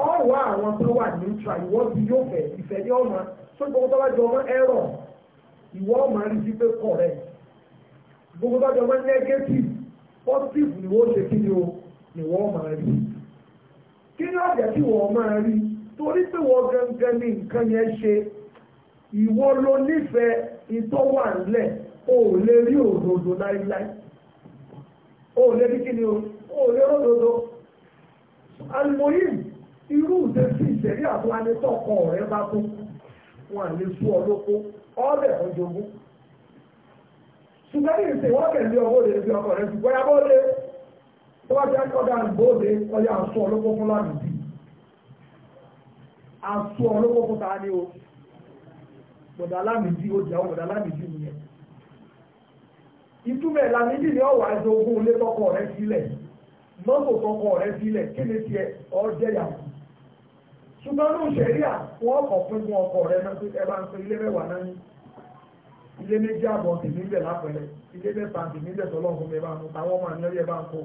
ọ̀wọ́ àwọn tó wà neutral ìwọ́ ti yóò fẹ́ ìfẹ́ ní ọ̀nà tó gbogbo tó bá jọ ọmọ ẹ̀rọ ìwọ́ ọmọ rí sí pé correct gbogbo tó bá jọ ọmọ negative positive ni wọ́n ṣe kí ni o ni wọ́n ọmọ rí sí kí ni ọ̀jẹ̀ tí wọ́n máa rí torí pé wọ́n gangan ní nǹkan yẹn ṣe ìwọ ló nífẹ̀ẹ́ ìtọ́wà ńlẹ̀ o ò lè rí òdodo láíláí o ò lè rí kí ni o ò lè ródodo alimoyim irú ìdẹ́sí ìṣẹ̀rí àti anitọ́kọ rẹ̀ bá tó wọn à lè sú ọ lóko ọ̀bẹ̀ ọjọ́gún ṣùgbọ́n ìṣèwọ́kẹ̀ ọwọ́ rẹ̀ fi ọkọ̀ rẹ̀ ṣùgbọ́n yàgbọ́ lé tó bá jẹ́ kọ́dà gbóde ọyá àṣọ olóko fún lábìbí àṣọ fún ta ni o bọ̀dà lábìbí ó jẹ́ bọ̀dà lábìbí nìyẹn ni ọ̀wà ẹ̀sọ́ ogún ilé tọkọ rẹ sílẹ̀ mọ́tò tọkọ rẹ sílẹ̀ kí ni tiẹ̀ ọ jẹ́ ṣùgbọ́n ní òṣèríà wọ́n kọ̀ fún rẹ náà ẹ bá ń ilé mẹ́wàá náà ní ilé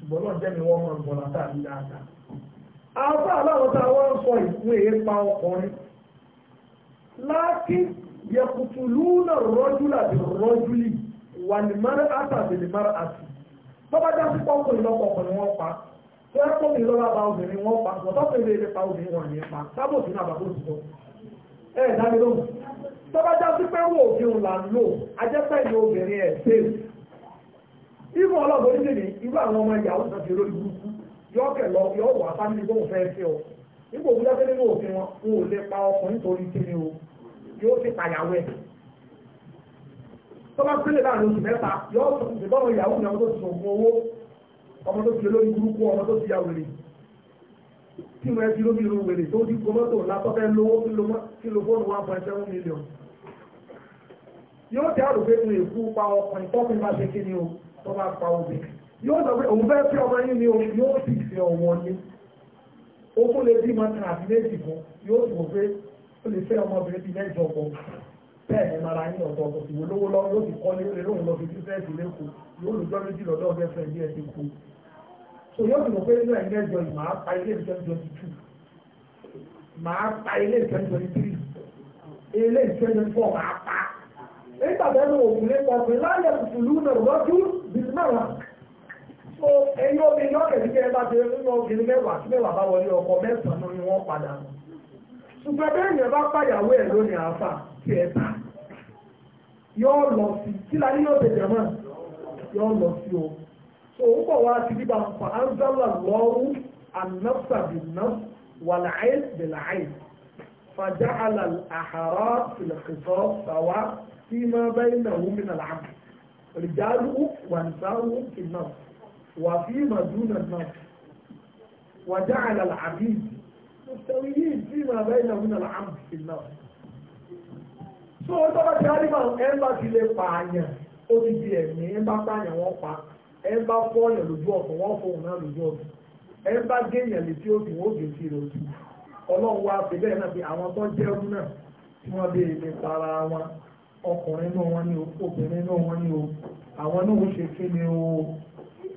ṣùgbọ́n náà jẹ́ mi wọ́n máa ń bọ̀ látàrí dáadáa. àwọn aláwọ̀ tá a wá ń sọ ìfún èé pa ọkùnrin láti yẹkùtù lúnà rọ́júlà bí rọ́júlì wà ní mẹ́rẹ́ àtàbí ní mẹ́rẹ́ àti bọ́bá já sí pọ́ńkù ìlọ́kọ̀ọ̀kọ̀ ni wọ́n pa tí wọ́n pọ́ńkù ìlọ́lá pa obìnrin wọ́n pa wọ́n tọ́pẹ́ ilé ilé pa obìnrin wọn ní pa sábòsí náà bàbá òṣìṣẹ́ ẹ̀ dáni lóhùn tọ́bá já sí pé wọ́n òfin là ń lò ajẹ́pẹ́ ìlú obìnrin ẹ̀ sèé ìfọ̀ ọlọ́gbọ̀n nílé ní irú àwọn ọmọ ìyàwó kan ti burúkú yọ kẹlọ yọ wà fámìlì bó ń fẹ́ ọ nígbà òwúlẹ̀ pé nínú òfin wọn n ò pa ọkùnrin nítorí kíni o yóò ti pàyàwó pélé láàrin oṣù mẹ́ta yọ ìyàwó ni ọmọ tó ti sògùn owó ọmọ tó ti lórí burúkú ọmọ tó ti ya wèrè tí wọ́n ti lóbi irun wèrè tó dín kọ́mọ́tò látọ́fẹ́ lówó fóònù one point seven million yóò pa ọkùnrin ṣe tó bá pa obì yóò sọ pé òun fẹ́ fi ọmọ yín ni yóò sì fi ọmọ ní ó kó lè bí máa tàbí méjì fún yóò sì wò pé ó lè fẹ́ ọmọbìnrin bíi mẹ́jọ kan bẹ́ẹ̀ ni mara yín ọ̀tọ̀ ọ̀tọ̀ ìwò lówó lọ yóò sì kọ́ lé lórí òun lọ fi bísẹ́ẹ̀sì lẹ́kọ̀ọ́ yóò lùjọ́ méjì lọ́dọ̀ ọ̀dẹ́ fẹ́ bí ẹ ti kú so yóò sì mọ̀ pé nínú ẹ̀yìn mẹ́jọ yìí máa pa ilé ìjọ twenty two máa pa ilé ìjọ twenty three ilé ìjọ twenty four máa pa nígbà bẹ́ẹ̀ ni òkú lé pọ̀ pé láyé tuntun lù náà lọ́dún mẹ́wàá so ẹ̀yin obìnrin náà kẹ̀sí kẹ́ ẹ bá ti nínú obìnrin mẹ́wàá sí mẹ́wàá bá wọlé ọkọ mẹ́sàn-án ni wọ́n padà ṣùgbọ́n bẹ́ẹ̀ yẹn bá pàyàwó ẹ̀ lónìí àáfà tí ẹ ta yóò lọ sí kí la ní yóò tẹ̀lé mọ́ yóò lọ sí o so ń bọ̀ wá sí bíbá nǹkan anzala lọ́wọ́ anafsa bìnnaf wàlàáyé bìlàáyé fàjà àlàl àhàrà fìlẹ̀kẹ̀sọ́ sàwà fíìmà bẹ́ẹ̀ náà wúmi nà láàbù. رجاله ونساؤه في النار وفيما دون النار وجعل العبيد مستويين فيما بينهن العبد في النار so tó bá ti arí máa ẹ bá ti lè pààyàn ó ti di ẹ̀mí ẹ bá pààyàn wọ́n pa ẹ bá fọ́ọ̀yàn lójú ọ̀sán wọ́n fọ́ọ̀hún náà lójú ọ̀sán ẹ bá géèyàn létí òsì wọ́n gé sí lójú ọlọ́run wa bẹ̀rẹ̀ náà pé àwọn tó jẹ́rú náà tí wọ́n bèèrè para wọn ọkùnrin náà wọ́n ní o obìnrin náà wọ́n ní o àwọn náà ó ṣe kí ni o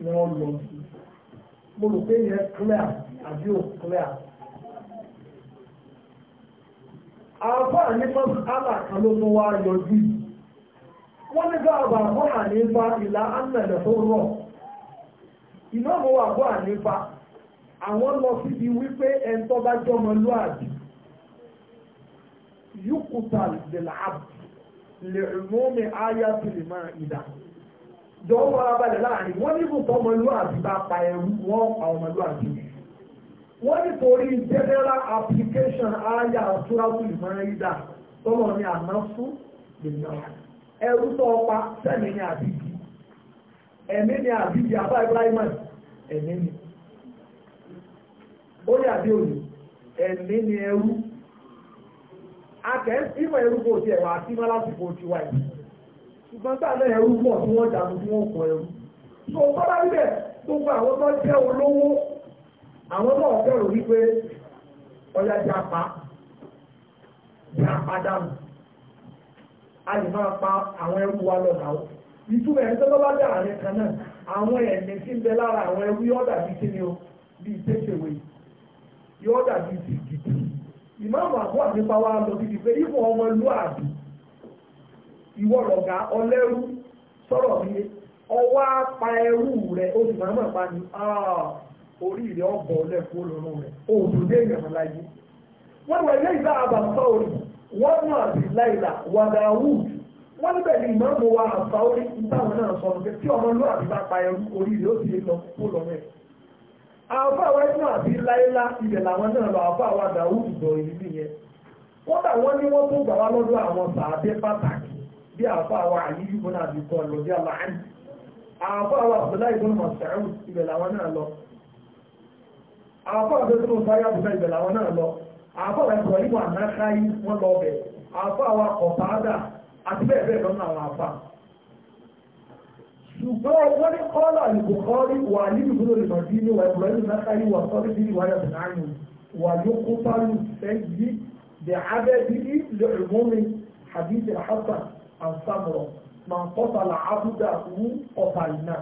wọ́n lọ sí mo rò pé yẹn clear àbí ò clear àbá ní mọ́sálà kan ló tún wá yọjú wọ́n ní bá àbá àbọ̀ àníbá ìlà ánàlẹ̀ tó rọ̀ iná mo wà àbọ̀ àníbá àwọn lọ síbi wípé ẹni bá jọmọ lúàbí yúkútà lè làbù lè mú mi áyá sí lè máa ìdá jọ̀wọ́ wọ́n abalẹ̀ láàrin wọ́n ní kò tọ́mọlúwàbí bá pa ẹ̀rú wọ́n pa ọmọlúwàbí wọ́n ní torí general application áyá túráwù lè máa ìdá tọ́lọ̀ ní àmọ́ fún lè náà ẹ̀rú tó ọpa sẹ́mi ní àbíkí ẹ̀mí ní àbíkí abá ibrahima ẹ̀mí ni ó yà bí òní ẹ̀mí ni ẹrú àtẹ̀símọ̀ ẹrúgbò ti ẹ̀wà àti mọ́ lásìkò ti wà yìí ṣùgbọ́n tààlẹ́ ẹrúgbò tí wọ́n jà fún wọn kọ ẹrú tó bọ́lá níbẹ̀ gbogbo àwọn tó jẹ́ olówó àwọn náà fẹ́rù wípé ọjà ti apá ti apá dànù a lè máa pa àwọn ẹrú wa lọ làwọn ìtumọ̀ ẹ̀ ń tọ́lọ́ bá dára rẹ̀ kan náà àwọn ẹ̀mí tí ń bẹ lára àwọn ẹrú yọ́ọ̀dà bíi kí o bíi tẹ́sẹ̀wé yọ́ọ̀dà bíi tì ìmáàmù àbúrò nípa wa lọ sí ìfẹ́ ìfọ ọmọ ìlú àbí ìwọ lọ̀gá ọlẹ́rú sọ̀rọ̀ mi ọwọ́ apá ẹrú rẹ̀ oṣù màmá pa ni ah, orí ilẹ̀ ọ̀bọ̀ ọlẹ́kùn olóró rẹ̀ òòdù ní èèyàn láyé wọ́n wọ ilé ìlà àbàtà orí wọ́n mú àbí láìlà wàdà wood wọ́n níbẹ̀ ni ìmáàmù wa àbá orí ìtàwọn náà sọ̀rọ̀ pé tí ọmọ ìlú àbí bá pa ẹrú orí ilẹ̀ ó sì lọ kó lọ rẹ̀ àbáwá inú àbí láílá ibẹ̀ làwọn náà lọ àbáwá dàúdù dọ̀ ìlú yẹn kódà wọ́n ní wọ́n tó gbà wá lọ́dọ̀ àwọn sàádé pàtàkì bí àbáwá àyíjú bọ́n àbí kọ́ lọ bí aláàánì àbáwá Abdullahi ibn Mas'ud ibẹ̀ làwọn náà lọ àbáwá bẹ́ẹ̀ tó sáré àbúrò ibẹ̀ làwọn náà lọ àbáwá ẹ̀kọ́ ìwà náà káyí wọ́n lọ bẹ̀ àbáwá ọ̀pá àdà àti bẹ́ẹ̀ bẹ́ẹ̀ lọ́nà àwọn àbáwá ṣùgbọ́n wọ́n ní kọ́lá ìbùkọ́rí wà nínú ìbúrò ìmọ̀dí ní wà ìbúrò ìlú lákàrí wà sọ́rí bí wà yàtọ̀ láàrin wà yóò kó pálù sẹ́yí bẹ̀ abẹ́ bí i lè rìmọ́mi àbíjẹ àhásà àǹsàmùrọ̀ máa kọ́ta là ábúdà wú ọ̀tà iná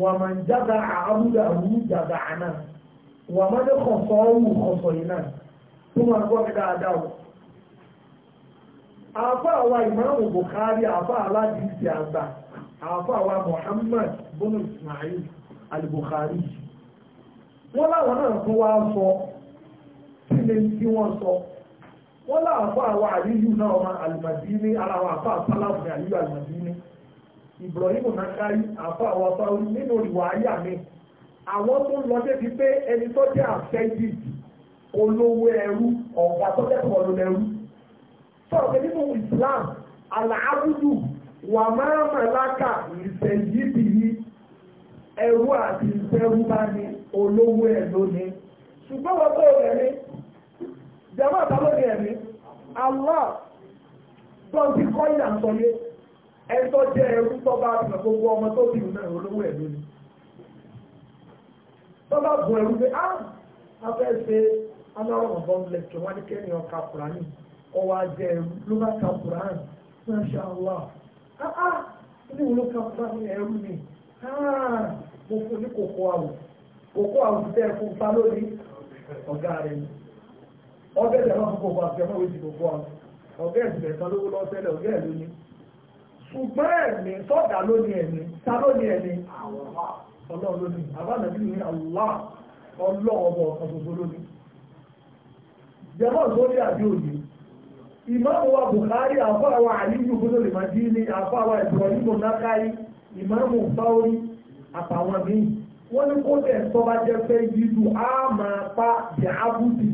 wà máa ń jáda àbúdà wú jàdà àná wà máa ní kọ̀sọ́ wù kọ̀sọ̀ iná tó máa gbọ́ mi dáadáa wọ̀ àfa àwa ìmáàmù Bukhari àfa aládìsí àgbà àfọ́ àwa Muhammad bọ́nà Ismail al-Bukhari wọ́n láwọn náà tó wá sọ kí ni tí wọ́n sọ wọ́n láàfọ́ àwa àríyù náà ọmọ al-Madini ara àwọn àfọ́ àsálàfù àríyù al-Madini Ibrahim Nakari àfọ́ àwa sáwọn nínú ìwà ayà mi àwọn tó lọ débi pé ẹni tó jẹ́ àfẹ́jì olówó ẹrú ọ̀gá tó jẹ́ pọ̀ lónẹrú sọ̀rọ̀ wà máa màláka ìṣẹ̀yíbìyí ẹrú àti ìṣẹ́rúbá ni olówó ẹ̀ lónìí ṣùgbọ́n wọ́n tó ní jẹ́mọ́ àtàlónì ẹ̀mí Allah tó kọ́ ẹ̀tọ́ jẹ́ ẹrú tó bá ti gbogbo ọmọ tó náà olówó ẹ̀ lónìí tó bá pé ah, á ní ìlú kan bá mi ẹrú mi ah, mo fún ní kòkó àwọ̀ kòkó àwọ̀ ti tẹ́ fún pa lórí ọ̀gá rẹ̀ ni ọ̀gá ẹ̀sẹ̀ máa fún kòkó àti ẹ̀fọ́ wíjì kòkó àwọ̀ ọ̀gá ẹ̀sẹ̀ ẹ̀sán lówó lọ lóní ṣùgbọ́n ẹ̀mí sọ́dà lónìí ẹ̀mí ta lónìí ẹ̀mí ọlọ́run lónìí ọlọ́ọ̀bọ̀ lónìí jẹ́mọ́ sórí àbí ìmáàmù wa Bukhari àfáà wa àlíyù gbọ́dọ̀ lè máa dín ní àfáà wa ìbùrọ̀límù nákàáyí ìmáàmù fáórí àtàwọn míì wọ́n ní kó tẹ̀ tọ́ba jẹ́ fẹ́ yílu á máa pa bí abúdì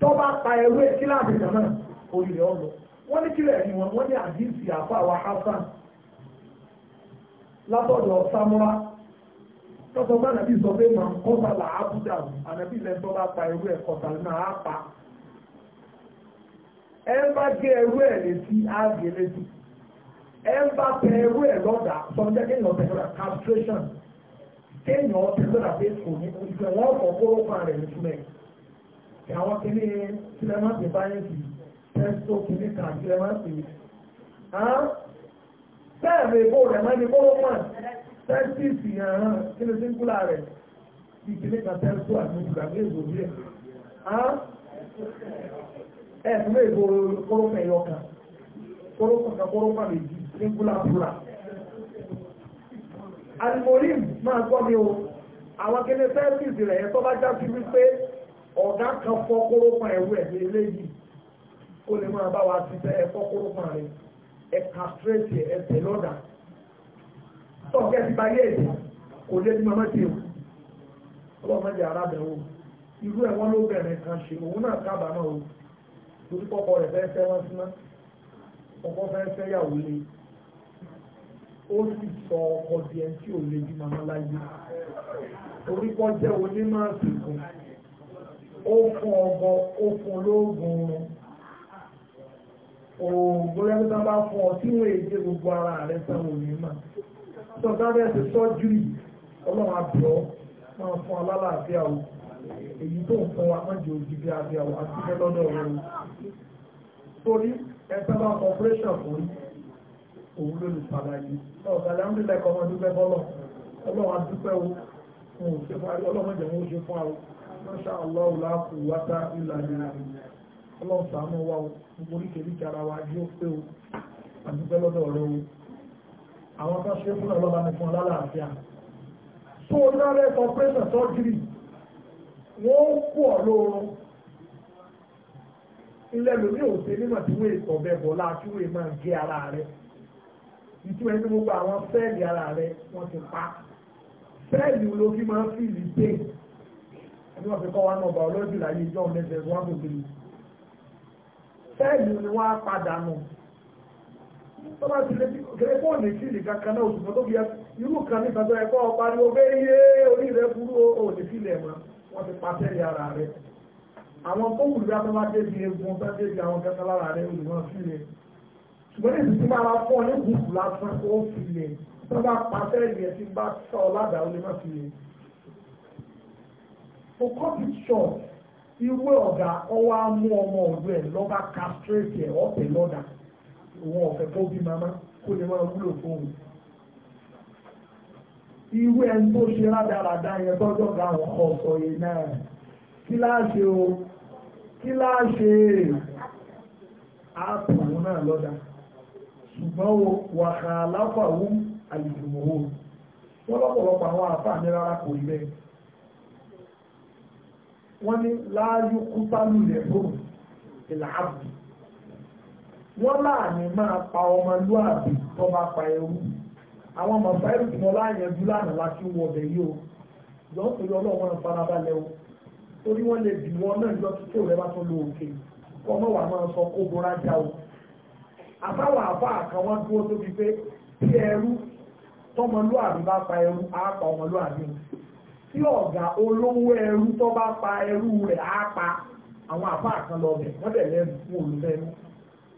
tọ́ba pa ẹrú ẹ̀ kíláàsì kan náà olùyẹ ọ̀nà wọ́n ní kílẹ̀ ẹ̀yìn wọn wọ́n ní àdìsí àfáà wa Hasan látọ̀dọ̀ Samura tọ́sọ̀ bá nàbí sọ pé màá kọ́ta là á búdà ànàbí lẹ́tọ́ bá ẹ ń bá gé ẹrú ẹ̀ létí áàgé létí ẹ ń bá tẹ ẹrú ẹ̀ lọ́dà sọ́jọ́ kéèyàn ọ̀tẹ̀ lọ́dà castration kéèyàn ọ̀tẹ̀ lọ́dà pé kò ní ìfẹ́ wọn kọ̀ kóró fún ara ẹ̀ fún ẹ̀ àwọn kìíní sinimásì báyìí tẹ́sítọ́ kìíní kan sinimásì bẹ́ẹ̀ mi bó rẹ̀ mọ́ ní kóró fún ẹ̀ tẹ́sítì yẹn kí ni síngúlà rẹ̀ ìkìíní kan tẹ́sítọ́ àti ìgbàgbé ìgbòmí ẹ̀ ẹ̀sùn lè bo kórópà ẹ̀yọ kan kórópà kan kórópà méjì alimorin máa gbọ́ o àwọn akéde sẹ́ẹ̀sì rẹ̀ yẹn bá já wípé ọ̀gá kan fọ́ ẹ̀mí eléyìí lè máa bá wa ti fẹ́ ẹ̀fọ́ rẹ̀ ẹ̀sẹ̀ lọ́dà tọ́ọ̀kẹ́ ti bá yé o torí kọ́kọ́ rẹ̀ fẹ́ fẹ́ wọ́n sí mọ́ ọkọ fẹ́ fẹ́ yàwó lé ó sì sọ ọkọ di ẹni tí ò lè bí màmá láyé torí kọ́ jẹ́ onímọ̀ àsìkò ó fún ọgọ ó fún olóògùn run oògùn lẹ́gbẹ́ta bá fún ọ tí wọ́n èdè gbogbo ara rẹ̀ sáwọn onímọ̀ sọ̀tà bẹ́ẹ̀ ti sọ́jú yìí ọlọ́run àbúrò máa fún alálàáfíà òkú èyí tó ń fún wa mọ́jì òjì bí abẹ́ àwọn torí ẹ̀sẹ̀ bá fún òun ló lè pàdánù ọ̀gá lẹ́mú lẹ́kọ̀ọ́ ọmọ dúpẹ́ bọ́lọ̀ ọlọ́run adúpẹ́ o fún òṣè fún ayé jẹ̀mú ó fún àwọn mọ́ṣá ọlọ́run láàkú wáta ìlànà ọlọ́run sàánú wa o gbogbo oríkèéríkèé ara wa yóò pé o àdúpẹ́ lọ́dọ̀ rẹ̀ o àwọn tó ṣe fún ọlọ́ba ní fún tó o ní alẹ́ corporation surgery wọ́n ń kú ọ lóorun ilé lómi ò ṣe nígbà tí wọ́n èkó bẹ́ẹ̀ bọ̀ láti wọ́n máa ń gé ara rẹ̀ ìtú ẹni gbogbo àwọn sẹ́ẹ̀lì ara rẹ̀ wọ́n ti pa sẹ́ẹ̀lì ló fi máa ń fi ìlú dé ẹni wọ́n fi kọ́ wa náà bá ọlọ́dún láyé ìjọ mẹ́sẹ̀ wọ́n kò gbé sẹ́ẹ̀lì ni wọ́n á padà nù tó bá ti lé kéré fóònù sí ìlú kankan náà òṣùpọ̀ tó fi irú kan nípa tó ẹ̀kọ́ parí o bẹ́ẹ̀ yé orí rẹ̀ o ò wọ́n ti pàṣẹ ìyá ara rẹ̀ àwọn tó wù lóyá tó bá débi egun tó débi àwọn kẹta lára rẹ̀ olùmọ̀ sílẹ̀ ṣùgbọ́n èsì tí máa fún ọ ní gùkù lásán ó filẹ̀ tó bá pàṣẹ ìyẹn ti bá sọ ládàá olùmọ̀ sílẹ̀ for copy shop ìwé ọ̀gá ọwọ́ amú ọmọ ọ̀dọ́ ẹ̀ lọ́ba castrate ẹ̀ ọ̀pẹ̀ lọ́dà òun ọ̀fẹ́ tó bí mama kó lè máa wúlò fóun irú ẹni tó ṣe rádaràdá yẹn tọ́jọ́ ga ọkọ̀ ọ̀sọ̀ yìí náà kí láṣe o kí láṣe àpòun náà lọ́dà ṣùgbọ́n o wàhà aláfàwọ́ àlùmọ̀wò wọ́n lọ́pọ̀lọpọ̀ àwọn àfààní rárá kò rí bẹ́ẹ̀ wọ́n ní láàyò kútálù rẹ̀ ìlàábù wọ́n láàní máa pa ọmọlúàbí tó bá pa ẹrú àwọn mọ̀sáìrì tí wọ́n láyẹ̀jú lánàá láti wọ ọbẹ̀ yìí o yọ̀ ń torí ọlọ́wọ́ ń farabalẹ̀ o torí wọ́n lè dìwọ́ náà yọ títí òrẹ́ bá tún lo òkè kọ́ mọ́ wàá máa sọ kó bora já o àtàwọn àbá àkàwọn dúró tó fi pé tí ẹrú tọmọlúàbí bá pa ẹrú á pa ọmọlúàbí tí ọ̀gá olówó ẹrú tó bá pa ẹrú rẹ̀ á pa àwọn àbá àkànlọ́ọ̀bẹ̀ wọ́n dẹ̀ lẹ́nu fún olùfẹ́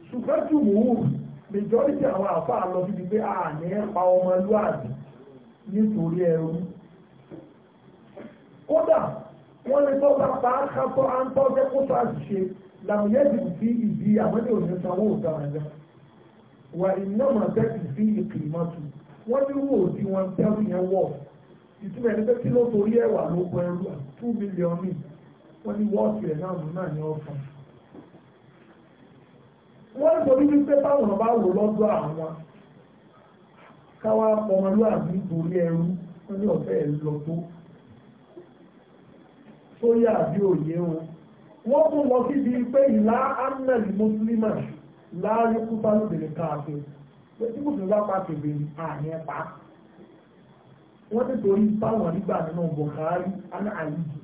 ṣùgbọ́n jùmọ̀ òòrùn majority àwọn àfáà lọ bíbi pé a ní pa ọmọlúwàbí nítorí ẹrú kódà wọ́n lè tọ́ bá pa ákàtọ́ àńtọ́jẹ́ kó tó àṣìṣe làwọn yẹn ti fi ìdí àwọn ní òní sanwó ọ̀daràn gan wà iná máa bẹ́ẹ̀ ti fi ìkìlì máa tu wọ́n ní wò ó di wọn tẹ́rù yẹn wọ̀ ìtumọ̀ ẹni pé kí ló torí ẹ̀wà ló pọ̀ ẹrú two million mi wọ́n ní wọ́ọ̀tì ẹ̀ náà mú náà ní ọ̀fọ̀n wọ́n ní torí wípé báwọn bá wò lọ́dọ̀ àwọn káwá ọmọlúwàbí nítorí ẹrú wọ́n ní ọ̀fẹ́ ẹ̀ lọ tó sóyà bí òye wọn wọ́n tún lọ síbi pé ìlà amnel mùsùlùmá láàrin kúta lóbìnrin káàkiri pé tí mùsùlùmí bá pa kèbèrè àárín ẹ̀ pa wọ́n ti torí báwọn nígbà nínú Bukhari aná àyíjì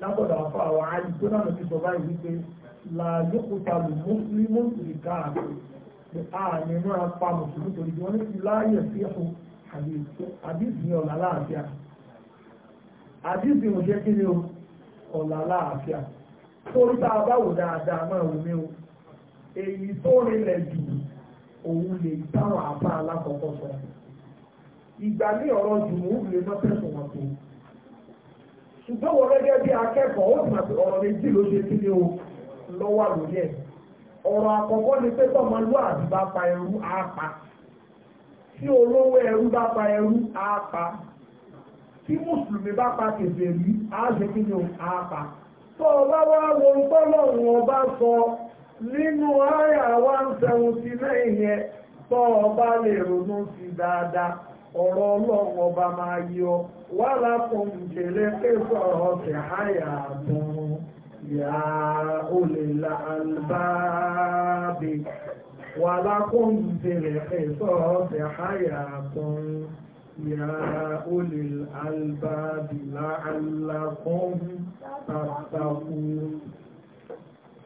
látọ̀dọ̀ àfọ àwọn àyíjì tó náà lọ sí sọ báyìí wípé làyókùtà mùsùlùmí ìgáàbò ààrẹ náà pa mùsùlùmí torí wọn ní ti láàyè sí ẹ̀kọ́ àdìsí ọ̀là láàfíà àdìsí òṣè kí ni ọ̀là láàfíà torí tá a bá wò dáadáa máa wò mí o èyí tó rinlẹ̀ jù òun lè táwọn àbá alákọ̀ọ́kọ́ sọ ìgbà ní ọ̀rọ̀ jùmọ̀ lè má tẹ̀sán wọn tó ṣùgbọ́n wọ́n gẹ́gẹ́ bí akẹ́kọ̀ọ́ ó sì máa fi ọ̀rọ̀ méjì ló ṣe kí ni o. lọ́wọ́ lórí ẹ̀ ọ̀rọ̀ àkọ́kọ́ ni pé tọ́mọlúwàbí bá pa ẹrú á tí olówó ẹrú bá pa ẹrú á tí mùsùlùmí bá pa kèfèrí á ṣe kí tó ọba sọ nínú àyà one seventy nine yẹn tó o bá lè ronú sí dáadáa ọ̀rọ̀ ọlọ́run ọba máa yọ wàhálà يا أولي الألباب ولكم في القصاص حياة يا أولي الألباب لعلكم تتقون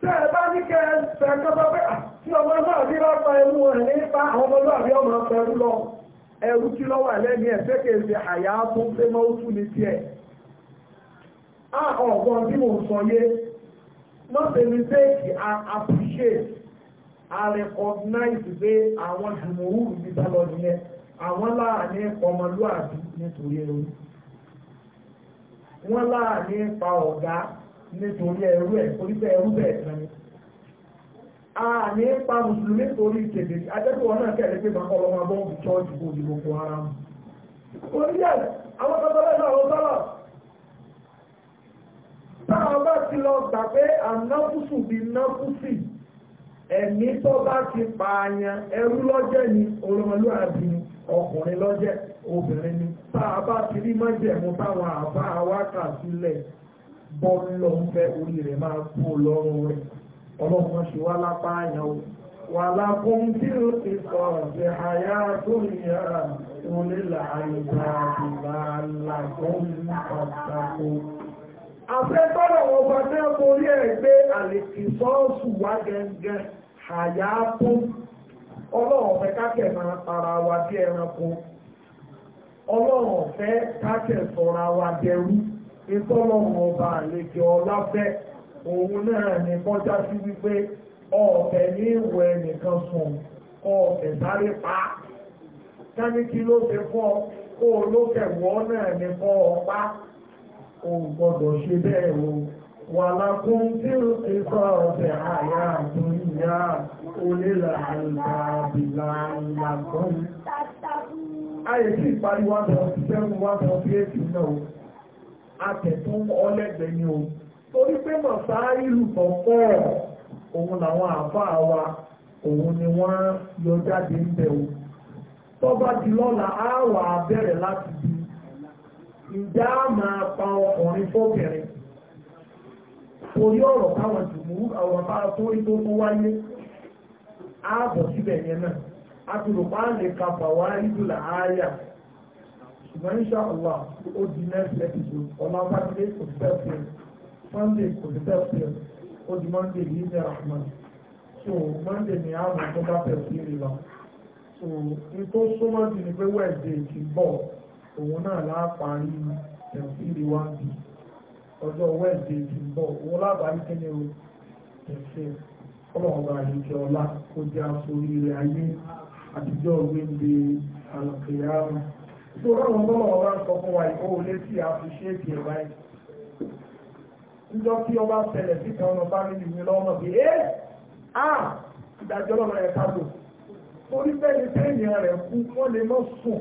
Tẹ́ ẹ bá ní kẹ́ ẹ̀sẹ̀ kọ́bọ́ pé tí ọmọ náà rí bá pa ẹnu ẹ̀ ní bá ọmọ náà rí ọmọ pẹ̀lú lọ. Ẹrù kí lọ́wọ́ ẹ̀lẹ́ni ẹ̀ pé kèé ṣe àyà tó pé mọ́ ó tún ní tiẹ̀. Á ọ̀gbọ́n tí mò ń sọ yé not a mistake I appreciate I recognize pé àwọn jùmọ̀wúrù ti sá lọ nìyẹn àwọn láàánú ọmọlúàbí nítorí ẹrú wọ́n láàánú pa ọ̀gá nítorí ẹrú ẹ̀ oríṣẹ́ ẹrú bẹ́ẹ̀ kan àní pa mùsùlùmí torí ìkéde náà kẹ́lẹ́ pé chọ́ọ̀jù kò ara mu. táwọn bá ti lọ gbà pé ànáfùsù bíi náfùsì ẹ̀mí tó bá ti pààyàn ẹrú lọ́jẹ́ ni olùmọlúwàbí ọkùnrin lọ́jẹ́ obìnrin ni tá a bá ti rí mọ́jẹ̀mú táwọn àbá awákà sílẹ̀ bọ́ọ̀lù lọ́hún fẹ́ orí rẹ̀ máa kú lọ́rùn rẹ̀ ọlọ́run wọn ṣe wá lápá àyàn o wà lákún tí ó ti sọ ọ̀sẹ̀ àyà tó yẹ òun lè là bá a ti bá a là tó ń pàtàkó afẹ́tọ́rọ̀ wọn bá tẹ́ borí ẹ̀ gbé àlèkì sọ́ọ̀sù wá gẹ́gẹ́ àyà tó ọlọ́run fẹ́ kákẹ́ máa para wa bí ẹranko ọlọ́run fẹ́ kákẹ́ sọ̀ra wa dẹrú ìtọ́lọ́run ọba àlèkì ọláfẹ́ òun náà ní kọjá sí wípé ọ̀ọ̀fẹ́ ní ìwọ̀ ẹnìkan sùn ọ̀ọ̀fẹ́ sáré pa káníkì ló ṣe fọ́ kó o lókè wọ́ náà ní kọ́ ọ pa o gbọ́dọ̀ ṣe bẹ́ẹ̀ o wà lákún tí ó ti sọ ọ̀fẹ́ àyà àtúnyà onílà àìgbà àbìlà ìlàgbọ́n ayé tí ìparí wá sọ sí sẹ́gun wá sọ sí èsì náà o akẹ̀tún ọlẹ́gbẹ̀ẹ́ ni o torí pé mọ̀sáárì lùtọ̀ pọ̀ òun làwọn àáfàá wa òun ni wọ́n yọ jáde ń bẹ̀ o tọ́ba ti lọ́la á wà á bẹ̀rẹ̀ láti di ìjà máa pa ọkùnrin fóbìnrin torí ọ̀rọ̀ táwọn jùmú àwọn bá tó tó tó wáyé ààbọ̀ síbẹ̀ yẹn náà a ti rò pa lè ka bàwá ìdúlà ààyà ṣùgbọ́n insha Allah ó di next episode ọlá bàtìlẹ̀ kò sí bẹ́ẹ̀ fẹ́ Sunday kò sí bẹ́ẹ̀ fẹ́ ó di Monday yìí ní Rahman so Monday ni àwọn tó bá fẹ́ sí rí so n tó súnmọ́ sí ni pé Wednesday ti bọ̀ òun náà láàparí tẹ̀síri wá bí ọjọ́ wẹ́ẹ̀dẹ̀ tí ń bọ̀ owó lábàárí kẹ́lẹ́ o ẹ̀ṣẹ́ ọlọ́ọ̀bà àlejò ọlá kó jẹ́ àforí rẹ̀ ayé àtijọ́ gbéǹde àlùkìyàmù tó wa ìkó olé tí a fi ṣe èdè ẹ̀wá ẹ̀ níjọ́ tí ọba ṣẹlẹ̀ sí kan ọ̀nà bá nínú ìwé lọ́mọ bí ẹ́ torí bẹ́ẹ̀ ni pé ènìyàn rẹ̀ kú wọ́n lè mọ́ sùn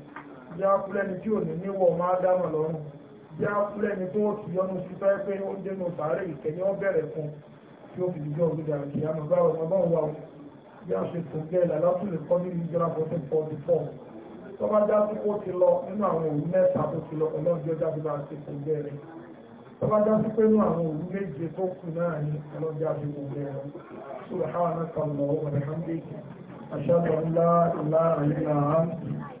bí a kú lẹ́ni tí ò ní níwọ̀ máa dámà lọ́rùn bí a kú lẹ́ni tó ti yọnu sí fẹ́ pé ó jẹ́ nu sàárè ìkẹ́ni ó bẹ̀rẹ̀ fún tí ó fi dìjọ́ ògbéjà àti àmọ́ bá ọmọ bá wà ó bí a ṣe tó gẹ́ ìlà látúlẹ̀ kọ́ ní ìjọra fourteen forty four tó bá já sí kó ti lọ nínú àwọn òru mẹ́ta tó ti lọ ọlọ́jọ́ jáde bá ṣe tó gẹ́ rẹ̀ tó sí pé nínú àwọn òru méje tó kù náà ní ọlọ́jọ́ àti